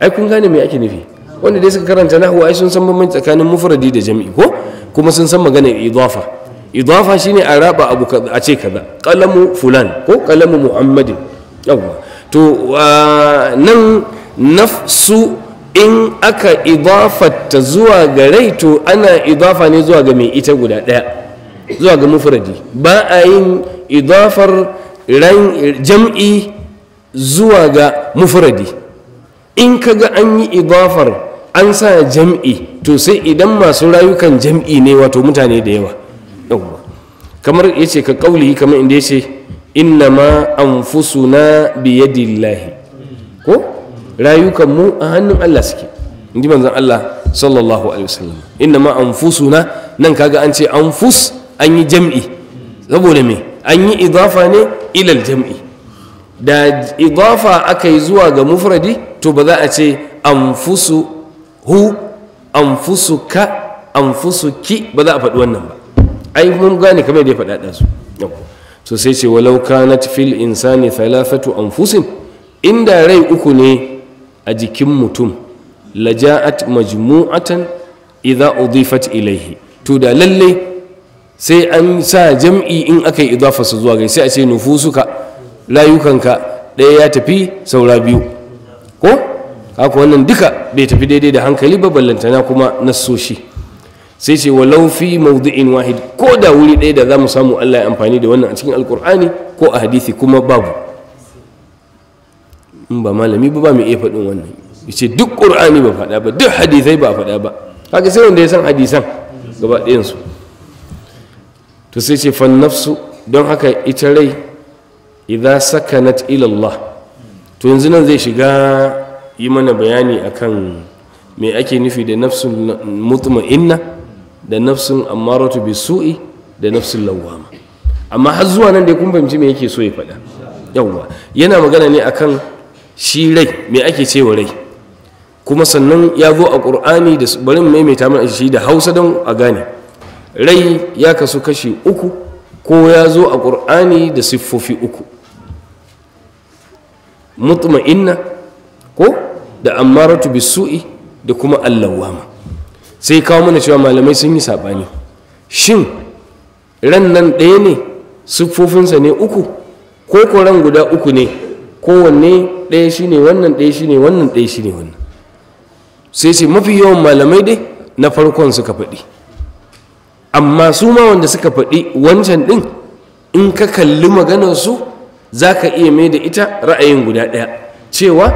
ai kun gane me ake nufi wanda dai suka karanta nahwu ai sun san bambanci tsakanin mufradi da jam'i ko kuma sun san maganar idafa idafa shine a raba abu a ce kaza kalamu fulan ko kalamu muhammadin yawwa to nan nafsu in aka idafata zuwa ga rai to ana idafa ne zuwa ga mai ita guda daya zuwa ga mufradi ba a yin idafar jam'i zuwa ga mufradi in kaga an yi idafar an sa jam'i to sai idan masu rayukan jam'i ne wato mutane da yawa yawwa kamar yace ka kauli kamar inda yace inna ma anfusuna bi biyadillahi ko rayukanmu a hannun Allah suke inji manzan Allah sallallahu alaihi wasallam inna ma anfusuna nan kaga an ce an anfus an yi jam'i saboda me an yi idafa ne ilal jam'i da idafa aka yi zuwa ga mufradi to ba za a ce an fusu hu an an ka fusu ki ba za a faɗi wannan ba ai mun gane kamar da ya faɗa ɗansu so sai ce walau kanat fil insani thalathatu anfusin inda rai uku ne a jikin mutum laja'at majmu'atan idza udifat ilaihi to da lalle sai an sa jam'i in aka yi idafa su zuwa gai sai a ce nufusuka layukanka ɗaya ya tafi saura biyu ko haka wannan duka bai tafi daidai da hankali ba ballantana kuma nasoshi. sai ce walau fi mawdu'in wahid ko da wuri ɗaya da za mu samu Allah ya amfani da wannan a cikin alkur'ani ko a hadithi kuma babu in ba malami ba ba mu iya faɗin wannan ce duk ƙur'ani ba faɗa ba duk hadithai ba faɗa ba haka sai wanda ya san hadisan gaba ɗayan su to sai ce fan nafsu don haka ita rai idan sakanat ila Allah to yanzu nan zai shiga yi mana bayani akan me ake nufi da nafsul mutma'inna da nafsin ammaratu bi su'i da nafsin lawwama amma har zuwa nan dai kun fahimci me yake so ya faɗa yawwa yana magana ne akan shi rai me ake cewa rai kuma sannan ya zo a ƙur'ani da bari mu maimaita mana shi da Hausa don a gane rai ya kasu kashi uku ko ya zo a ƙur'ani da siffofi uku mutma'inna ko da ammaratu bisu'i da kuma allawama sai kawo mana cewa malamai sun yi saɓani shin ran nan ɗaya ne siffofinsa ne uku ko ko ran guda uku ne kowanne ɗaya shi ne wannan ɗaya shi ne wannan ɗaya shi ne wannan sai ce mafi yawan malamai dai na farkon suka faɗi amma su ma wanda suka faɗi wancan ɗin in ka kalli maganarsu za ka iya mai da ita ra'ayin guda ɗaya cewa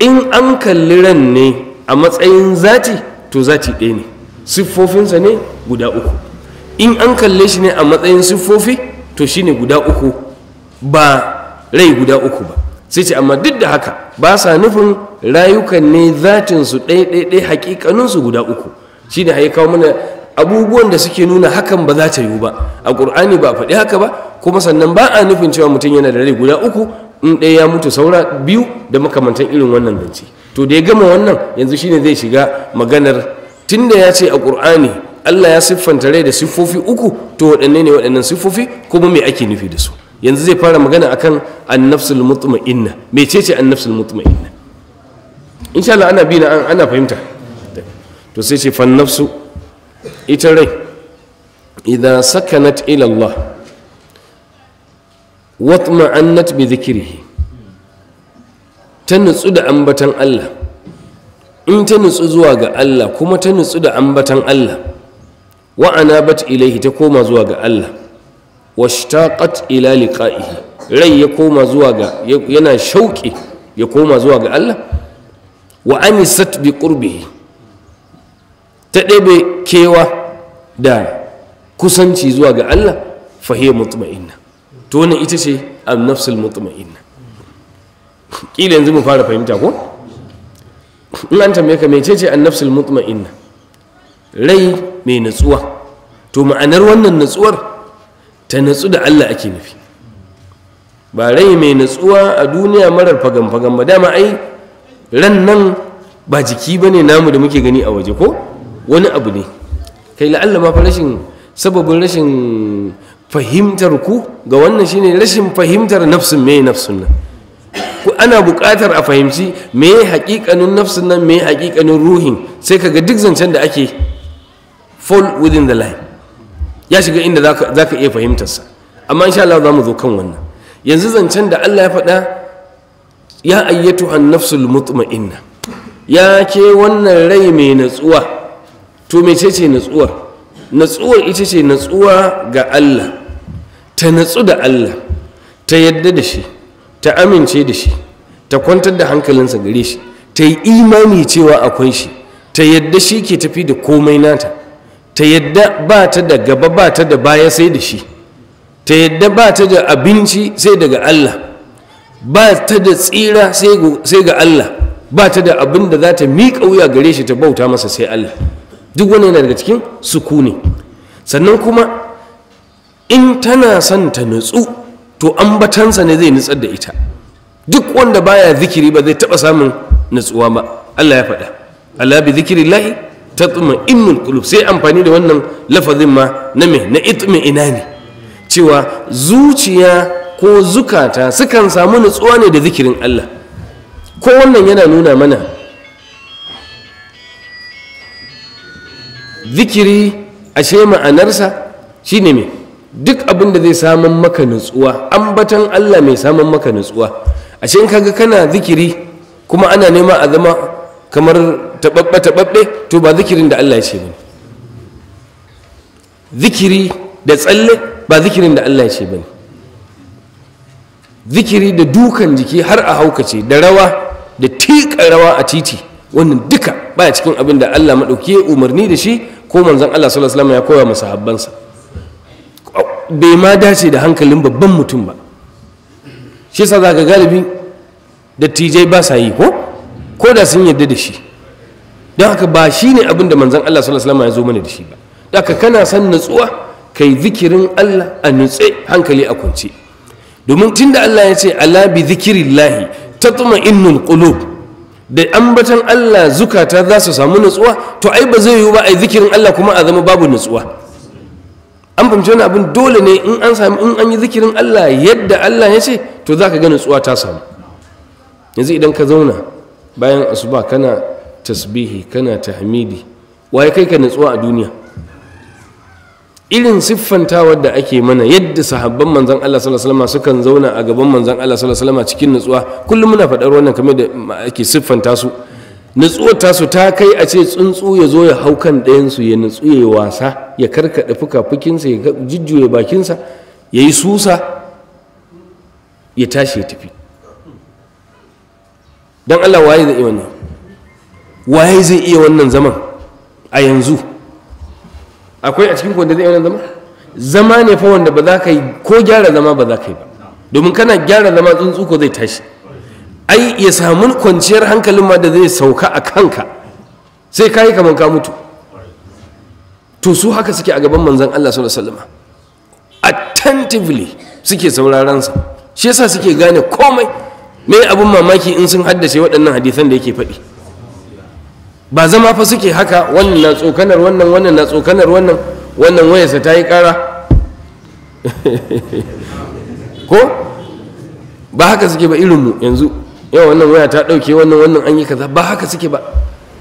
in an kalli ran ne a matsayin zati to zati ɗaya ne siffofinsa ne guda uku in an kalle shi ne a matsayin siffofi to shi ne guda uku ba rai guda uku ba sai ce amma duk da haka ba sa nufin rayukan ne zatinsu ɗaiɗaiɗai haƙiƙaninsu guda uku shi ne ya mana abubuwan da suke nuna hakan ba za ta yiwu ba a ƙur'ani ba a faɗi haka ba kuma sannan ba a nufin cewa mutum yana da rai guda uku in ɗaya ya mutu saura biyu da makamantan irin wannan zance to da ya gama wannan yanzu shine zai shiga maganar tunda ya ce a ƙur'ani Allah ya siffanta rai da siffofi uku to waɗanne ne waɗannan siffofi kuma me ake nufi da su yanzu zai fara magana akan annafsul mutma'inna ce, annafsul mutma'inna insha Allah ana bi na ana fahimta to sai ce fan nafsu ita rai idan sakanat ila Allah watma'annat bi dhikrihi ta nutsu da ambatan Allah in ta nutsu zuwa ga Allah kuma ta nutsu da ambatan Allah wa bat ilaihi ta koma zuwa ga Allah shtaqat ila liqa'ihi rai ya koma zuwa ga yana shauƙe ya koma zuwa ga Allah wa anisat bi qurbihi ta ɗebe kewa da kusanci zuwa ga Allah fahiyar mutma'inna to wannan ita ce an nafsul mutma'inna Ƙila yanzu mu fara fahimta ko in an tambaye ka an annafsul mutma'inna rai mai natsuwa to ma'anar wannan natsuwar ta natsu da Allah ake nufi ba rai mai natsuwa a duniya marar fagan fagan ba dama ai ran nan ba jiki ba ne namu da muke gani a waje ko wani abu ne kai la'alla ma fa rashin sababin rashin fahimtar ku ga wannan shine rashin fahimtar nafsin mai nafsun nan ana buƙatar a fahimci me haƙiƙanin nafsin nan me haƙiƙanin ruhin sai ka ga duk zancen da ake fall within the line ya shiga inda za ka iya fahimtarsa amma insha Allah za mu zo kan wannan yanzu zancen da Allah ya faɗa ya ayyatu an nafsul mutma'inna ya ke wannan rai mai natsuwa to mecece natsuwar natsuwar ita ce natsuwa ga Allah ta natsu da Allah ta yadda da shi ta amince da shi ta kwantar da hankalinsa gare shi ta yi imani cewa akwai shi ta yadda shi ke tafi da komai nata ta yadda ba ta da gaba ba ta da baya sai da shi ta yadda ba ta da abinci sai daga Allah ba ta da tsira sai ga Allah ba ta da abin da za ta miƙa wuya gare shi ta bauta masa sai Allah duk wani yana daga cikin ne, sannan kuma in tana son ta nutsu to ambatansa ne zai nutsar da ita duk wanda baya zikiri ba zai taba samun nutsuwa ba Allah ya faɗa Allah bi zikiri lahi ta innul qulub sai amfani da wannan lafazin ma na me na itmi ina cewa zuciya ko zukata sukan samu nutsuwa ne da zikirin Allah ko wannan yana nuna mana zikiri ashe ma'anarsa shine me duk abin da zai samun maka nutsuwa batan Allah mai samun maka nutsuwa a in kaga kana zikiri kuma ana nema a zama kamar taɓaɓɓe taɓaɓɓe to ba zikirin da Allah ya ce bane zikiri da tsalle ba zikirin da Allah ya ce bane zikiri da dukan jiki har a haukace da rawa da tiƙa rawa a titi wannan duka baya cikin abin da Allah maɗauki umarni da shi ko manzon Allah sallallahu alaihi wasallam ya koya masa habbansa bai ma dace da hankalin babban mutum ba shi yasa za ga galibi dattijai ba sa yi ko da sun yarda da shi don haka ba shi ne abin da manzan Allah sallallahu alaihi wasallam ya zo mana da shi ba da haka kana son natsuwa kai zikirin Allah a nutse hankali a kwance domin tun da Allah ya ce ala bi zikirillahi innun kulub da ambatan Allah zukata za su samu nutsuwa to ai ba zai yiwu ba a yi zikirin Allah kuma a zama babu natsuwa an fahimci wani abin dole ne in an sami in an yi zikirin Allah yadda Allah ya ce to za ka gani tsuwa ta samu yanzu idan ka zauna bayan asuba kana tasbihi kana tahmidi waye kai ka nutsuwa a duniya irin siffanta da ake mana yadda sahabban manzan Allah sallallahu alaihi wasallam sukan zauna a gaban manzan Allah sallallahu cikin nutsuwa kullum muna faɗar wannan kamar da ake siffanta su nutsuwar tasu ta kai a ce tsuntsu ya zo ya hau kan ɗayansu ya nutsu ya yi wasa ya karkaɗe fuka-fukinsa ya jujjuya bakinsa ya yi susa ya tashi ya tafi don allah waye zai iya wannan waye zai iya wannan zaman a yanzu akwai a cikin kwanda zai iya wannan zaman zama ne fa wanda ba za ka yi ko gyara zama ba za ka yi ba domin kana gyara zama tsuntsu ko zai tashi ai ya samu kwanciyar hankalin ma da zai sauka a kanka sai kayi kamar ka mutu to su haka suke a gaban manzon Allah sallallahu alaihi wasallam attentively suke sauraron sa shi yasa suke gane komai me abun mamaki in sun haddace waɗannan hadisan da yake faɗi ba zama fa suke haka wannan na tsokanar wannan wannan na tsokanar wannan wannan wayarsa ta yi ƙara ko ba haka suke ba irinmu yanzu yau wannan waya ta ɗauke wannan wannan an yi kaza ba haka suke ba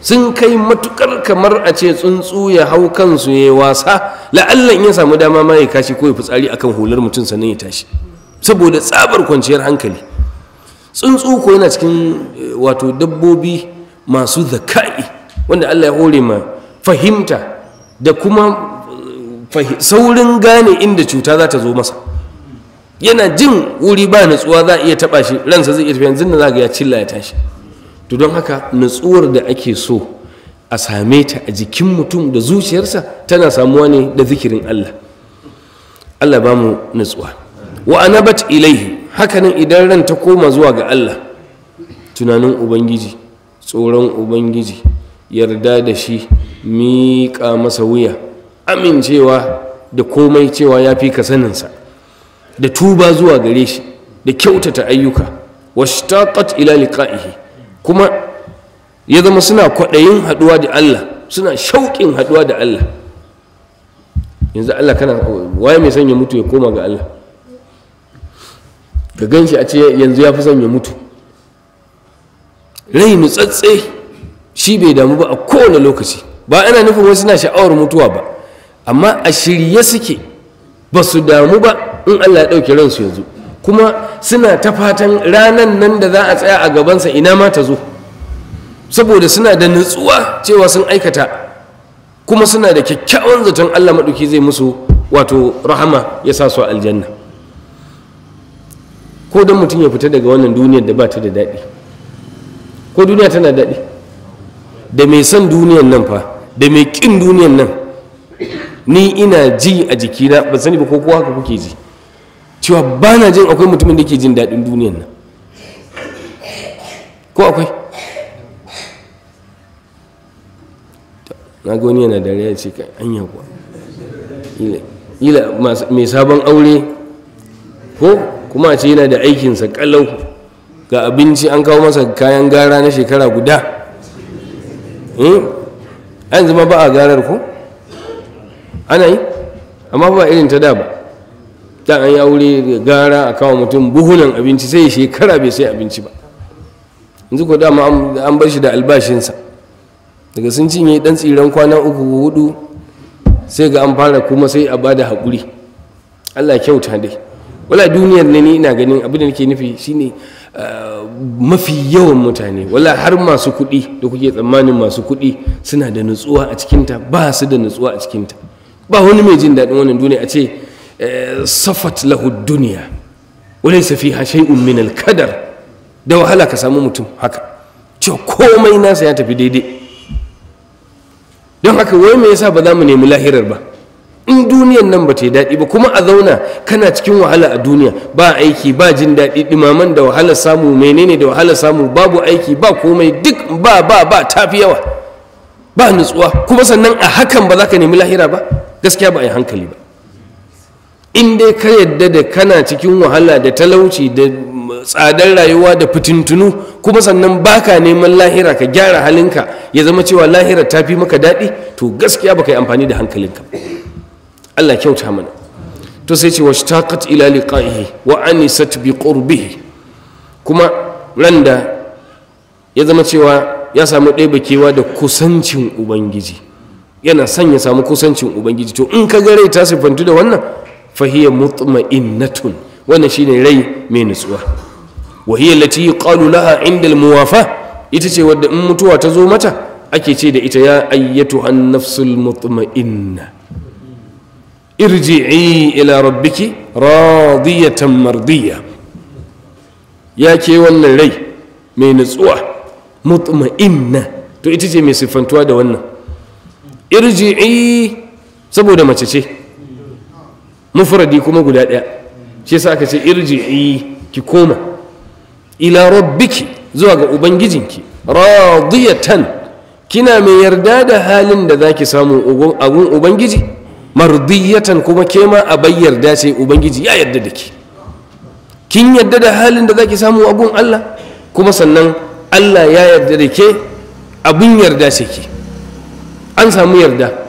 sun kai matukar kamar a ce tsuntsu ya hau kansu ya wasa la'allan ya samu dama ma ya kashi ko ya fitsari akan hular mutum sannan ya tashi saboda tsabar kwanciyar hankali tsuntsu ko yana cikin eh, wato dabbobi masu zaka'i wanda Allah ya hore ma fahimta da kuma eh, saurin gane inda cuta za ta zo masa yana jin wuri ba nutsuwa za a iya taɓa shi ransa zai iya tafiya yanzu na zaga ya cilla ya tashi to don haka nutsuwar da ake so a same ta a jikin mutum da zuciyarsa tana samuwa ne da zikirin Allah Allah ba mu nutsuwa wa anabat ilaihi hakanan idan ran ta koma zuwa ga Allah tunanin ubangiji tsoron ubangiji yarda da shi miƙa masa wuya amincewa da komai cewa ya fi ka saninsa da tuba zuwa gare shi da kyautata ayyuka washtaqat ila liqa'ihi kuma ya zama suna kwaɗayin haɗuwa da Allah suna shauƙin haɗuwa da Allah yanzu Allah kana waye mai son mutu ya koma ga Allah Ga gan shi a ce yanzu ya fi son ya mutu rai nutsatse shi bai damu ba a kowane lokaci ba ana nufin wasu na sha'awar mutuwa ba amma a shirye suke ba su damu ba in Allah ya ɗauke ransu yanzu kuma suna ta fatan ranan nan da za a tsaya a gabansa ina ma ta zo saboda suna da nutsuwa cewa sun aikata kuma suna da kyakkyawan zaton Allah maɗauki zai musu wato rahama ya sa su aljanna ko don mutum ya fita daga wannan duniyar da ba ta da daɗi ko duniya tana daɗi da mai son duniyar nan fa da mai ƙin duniyar nan ni ina ji a jikina ba sani ba ko kowa haka kuke ji cewa ba na jin akwai mutumin da ke jin daɗin duniyan nan ko akwai na ga wani yana dariya ya ce ka anya kuwa ila mai sabon aure ko kuma a ce yana da aikinsa kalau ga abinci an kawo masa kayan gara na shekara guda eh? an zama ba a garar ko ana yi amma ba irin ta da ba da an yi aure da gara a kawo mutum buhunan abinci sai shekara bai sai abinci ba yanzu ko dama an bar shi da albashinsa daga sun cinye dan tsiran kwana uku hudu sai ga an fara kuma sai a bada haƙuri allah kyauta dai wala duniyar ne ni ina ganin abin da nake nufi shine ah, mafi yawan mutane wala har masu kuɗi da kuke tsammanin masu kuɗi suna da nutsuwa a cikinta ba su da nutsuwa a cikinta ba wani mai jin daɗin wannan duniya a ce safat lahu duniya walaysa fiha shay'un min al da wahala ka samu mutum haka ce komai nasa ya tafi daidai don haka wai me yasa ba za mu nemi lahirar ba in duniyan nan ba ta yi daɗi ba kuma a zauna kana cikin wahala a duniya ba aiki ba jin daɗi ɗimaman da wahala samu menene da wahala samu babu aiki ba komai duk ba ba ba ta fi yawa ba nutsuwa kuma sannan a hakan ba za ka nemi lahira ba gaskiya ba a yi hankali ba in dai ka yadda da kana cikin wahala da talauci da tsadar rayuwa da fitintunu kuma sannan baka neman lahira ka gyara halinka ya zama cewa lahira ta fi maka daɗi to gaskiya baka yi amfani da hankalinka Allah kyauta mana to sai ce wa shtaqat ila liqa'ihi wa anisat bi qurbihi kuma ran da ya zama cewa ya samu ɗaya da kusancin ubangiji yana son ya samu kusancin ubangiji to in ka ga rai ta siffantu da wannan fahiya mutma'innatun wannan shine rai mai nutsuwa wa hiya allati yuqalu laha inda almuwafa ita ce wadda in mutuwa ta zo mata ake ce da ita ya ayyatu an nafsul mutma'inna irji'i ila rabbiki radiyatan mardiya ya ke wannan rai mai nutsuwa mutma'inna to ita ce mai siffantuwa da wannan irji'i saboda mace ce mufradi kuma guda ɗaya shi yasa aka ce irji'i ki koma ila rabbiki zuwa ga ubangijinki radiyatan kina mai yarda da halin da zaki samu agun ubangiji mardiyatan kuma ke ma a yarda ce ubangiji ya yarda da ki kin yarda da halin da zaki samu agun Allah kuma sannan Allah ya yarda da ke abin yarda ce ki an samu yarda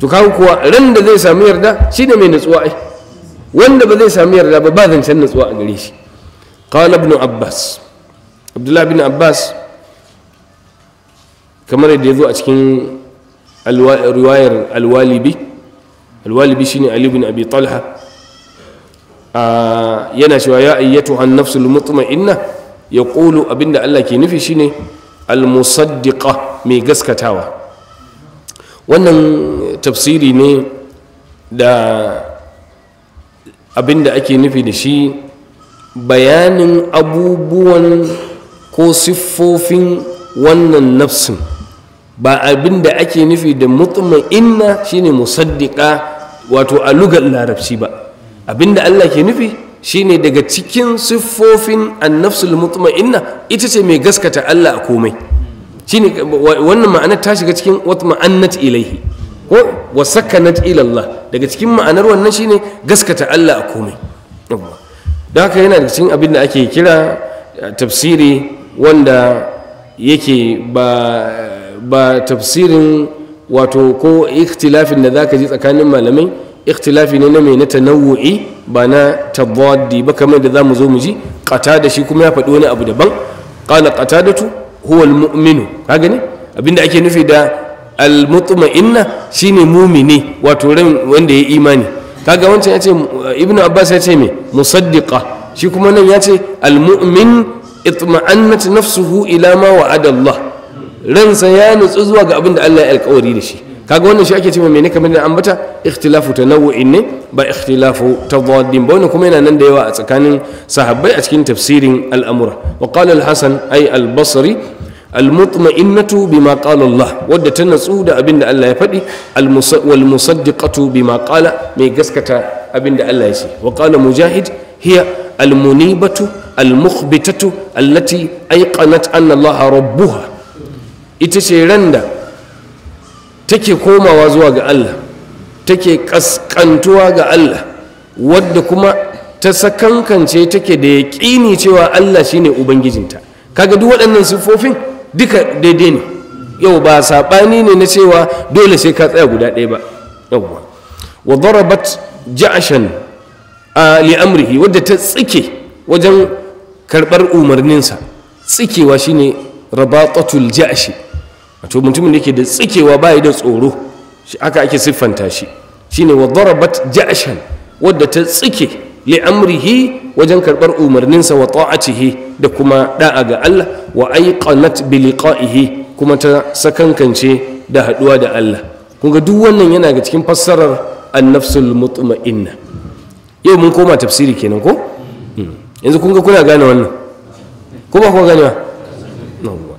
to kawo kuwa ran da zai sami yarda shi ne mai natsuwa ai wanda ba zai sami yarda ba ba zan zancen natsuwa a gare shi qala ibn abbas abdullahi bin abbas kamar yadda ya zo a cikin riwayar alwalibi alwalibi shine ali bin abi talha yana cewa ya ayyatu an nafsul mutma'inna ya kulu abinda Allah ke nufi shine al-musaddiqa mai gaskatawa wannan tafsiri ne da abin da ake nufi da shi bayanin abubuwan ko siffofin wannan nafsin ba abin da ake nufi da mutumin inna shine musaddiƙa wato a lugar larabci ba abin da Allah ke nufi shine daga cikin siffofin annafsul inna ita ce mai gaskata Allah a komai shine wannan ma'anar ta shiga cikin wata ma'annat ilaihi ko wasakkanat sakanat daga cikin ma'anar wannan shine gaskata Allah a komai don haka yana da cikin abin da ake kira eh, tafsiri wanda yake ba ba tafsirin wato ko ikhtilafin da zaka ji tsakanin malamai ikhtilafi ne na mai na tanawu'i ba na tabaddi ba kamar da zamu zo mu ji da shi kuma ya faɗi wani abu daban qala qatadatu huwa almu'minu kaga ne abinda ake nufi da al-mutma'inna shine mumini wato ran wanda ya imani kaga wancan yace uh, ibnu abbas yace ce me musaddiqa shi kuma nan yace ce al-mu'min itma'annat nafsuhu ila ma wa'ada Allah ransa ya nutsu zuwa ga abinda Allah ya alkawari da shi kaga wannan shi ake cewa ne kamar da ambata ikhtilafu tanawu'in ne ba ikhtilafu tadaddin ba wannan kuma yana nan da yawa a tsakanin sahabbai a cikin tafsirin al'amura wa qala al-hasan ay al-basri almutma'innatu bima qala Allah wadda ta natsu da abin da Allah ya faɗi wal musaddiqatu bima qala mai gaskata abin da Allah ya ce wa qala mujahid hiya almunibatu almukhbitatu allati ayqanat anna Allah rabbuha ita ce randa take komawa zuwa ga Allah take kaskantuwa ga Allah wadda kuma ta sakankance take da yaƙini cewa Allah shine ubangijinta kaga duk waɗannan sifofin. duka daidai ne yau ba saɓani ne na cewa dole sai ka tsaya guda ɗaya ba yauwa wa darabat ja'ashan li wadda ta tsike wajen karɓar umarninsa tsikewa shine rabatatul ja'ashi wato mutumin da yake da tsikewa ba da tsoro shi aka ake siffanta shi shine wa darabat ja'ashan wadda ta tsike amrihi wajen karɓar umarninsa wa ta'acihi da kuma da'a ga Allah wa aiqanat bi liqa'ihi kuma ta sakankance da haɗuwa da Allah kun ga duk wannan yana ga cikin fassarar an-nafsul mutma'inna yau mun koma tafsiri kenan ko hmm. yanzu kun ga kuna gane wannan ko ba ku gane ba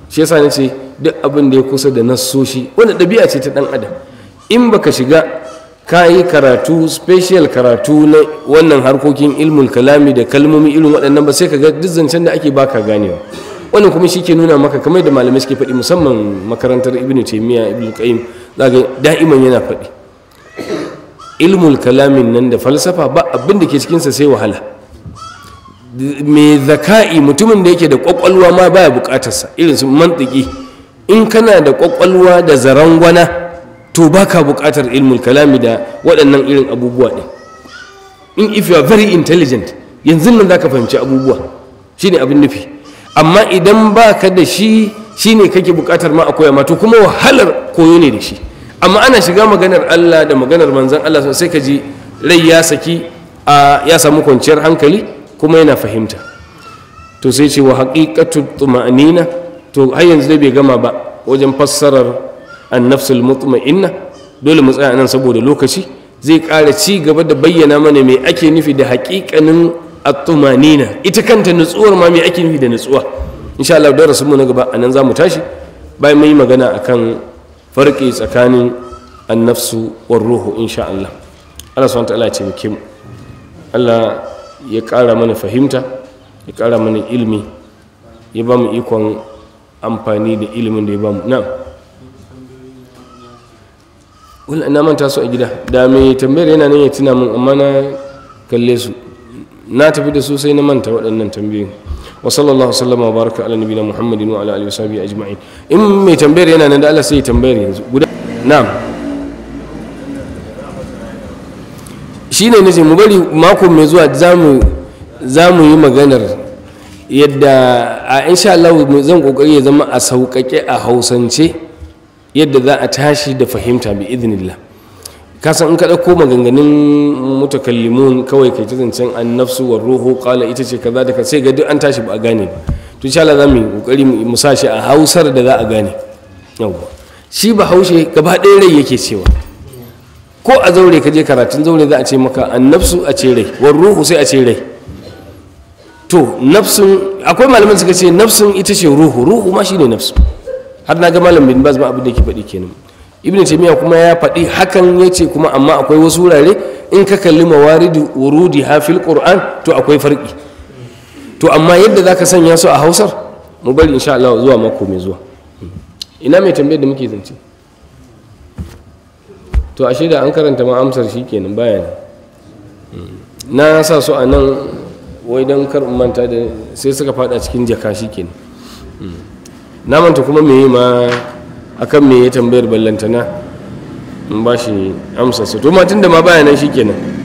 shi yasa nace duk abin da ya kusa da nassoshi wanda ɗabi'a ce ta ɗan adam in baka shiga ka yi karatu special karatu na wannan harkokin ilmul kalami da kalmomi irin waɗannan ba sai ka ga duk zancen da ake baka ganewa wannan kuma shi ke nuna maka kamar da malamai suke faɗi musamman makarantar ibnu taimiyya ibnu qayyim da'iman yana faɗi ilmul kalamin nan da falsafa ba abin da ke cikinsa sai wahala mai zaka'i mutumin da yake da kwakwalwa ma baya bukatarsa irin su mantiki in kana da kwakwalwa da zarangwana to baka buƙatar ilmul kalami da waɗannan irin abubuwa ɗin in if you are very intelligent yanzu nan zaka fahimci abubuwa shine abin nufi amma idan baka da shi shine kake buƙatar ma a koya ma to kuma wahalar koyo ne da shi amma ana shiga maganar Allah da maganar manzon Allah sai ka ji rai ya saki ya samu kwanciyar hankali kuma yana fahimta to sai ce wa haqiqatu tuma'nina to har yanzu zai bai gama ba wajen fassarar an nafsul mutma'inna dole mu tsaya nan saboda lokaci zai ƙara ci gaba da bayyana mana me ake nufi da haƙiƙanin at-tumanina ita kanta nutsuwar ma me ake nufi da nutsuwa insha Allah da rasulmu mu na gaba anan zamu tashi bayan mun yi magana akan farki tsakanin an war ruhu insha Allah Allah subhanahu wa ta'ala ya ce mu Allah ya ƙara mana fahimta ya ƙara mana ilimi ya ba mu ikon amfani da ilimin da ya ba mu na'am wala na manta su a gida da mai tambayar yana nan ya tuna min amma na kalle su na tafi da su sai na manta waɗannan tambayoyi wa sallallahu alaihi wa baraka ala nabiyina muhammadin wa ala alihi wasahbihi ajma'in in mai tambayar yana nan da Allah sai ya tambayar yanzu guda na'am shine nace mu bari mako mai zuwa zamu zamu yi maganar yadda a insha Allah zan kokari ya zama a sauƙaƙe a hausance yadda za a tashi da fahimta bi idinillah kasan in ka ɗauko maganganun mutakallimun kawai kai ta zancen an nafsu wa ruhu kala ita ce kaza da ka sai ga duk an tashi ba a gane ba to insha Allah za mu yi kokari mu sa shi a Hausar da za a gane yawwa shi ba haushe gaba ɗaya rai yake cewa ko a zaure ka je karatun zaure za a ce maka an nafsu a ce rai wa ruhu sai a ce rai to nafsun akwai malaman suka ce nafsun ita ce ruhu ruhu ma shine nafsu har na ga malam bin baz ma abin da ke faɗi kenan ibn taymiya kuma ya faɗi hakan ya ce kuma amma akwai wasu wurare in ka kalli mawaridi wurudi hafil qur'an to akwai farki to amma yadda zaka sanya su a hausar mu bari insha Allah zuwa mako mai zuwa ina mai tambayar da muke zance to ashe da an karanta ma amsar shikenan bayani? na sa su a nan wai don kar manta da sai suka fada cikin jaka shikenan na manta kuma me ma akan me ya tambayar ballantana in ba shi amsa to ma tun da ma bayanan shi shikenan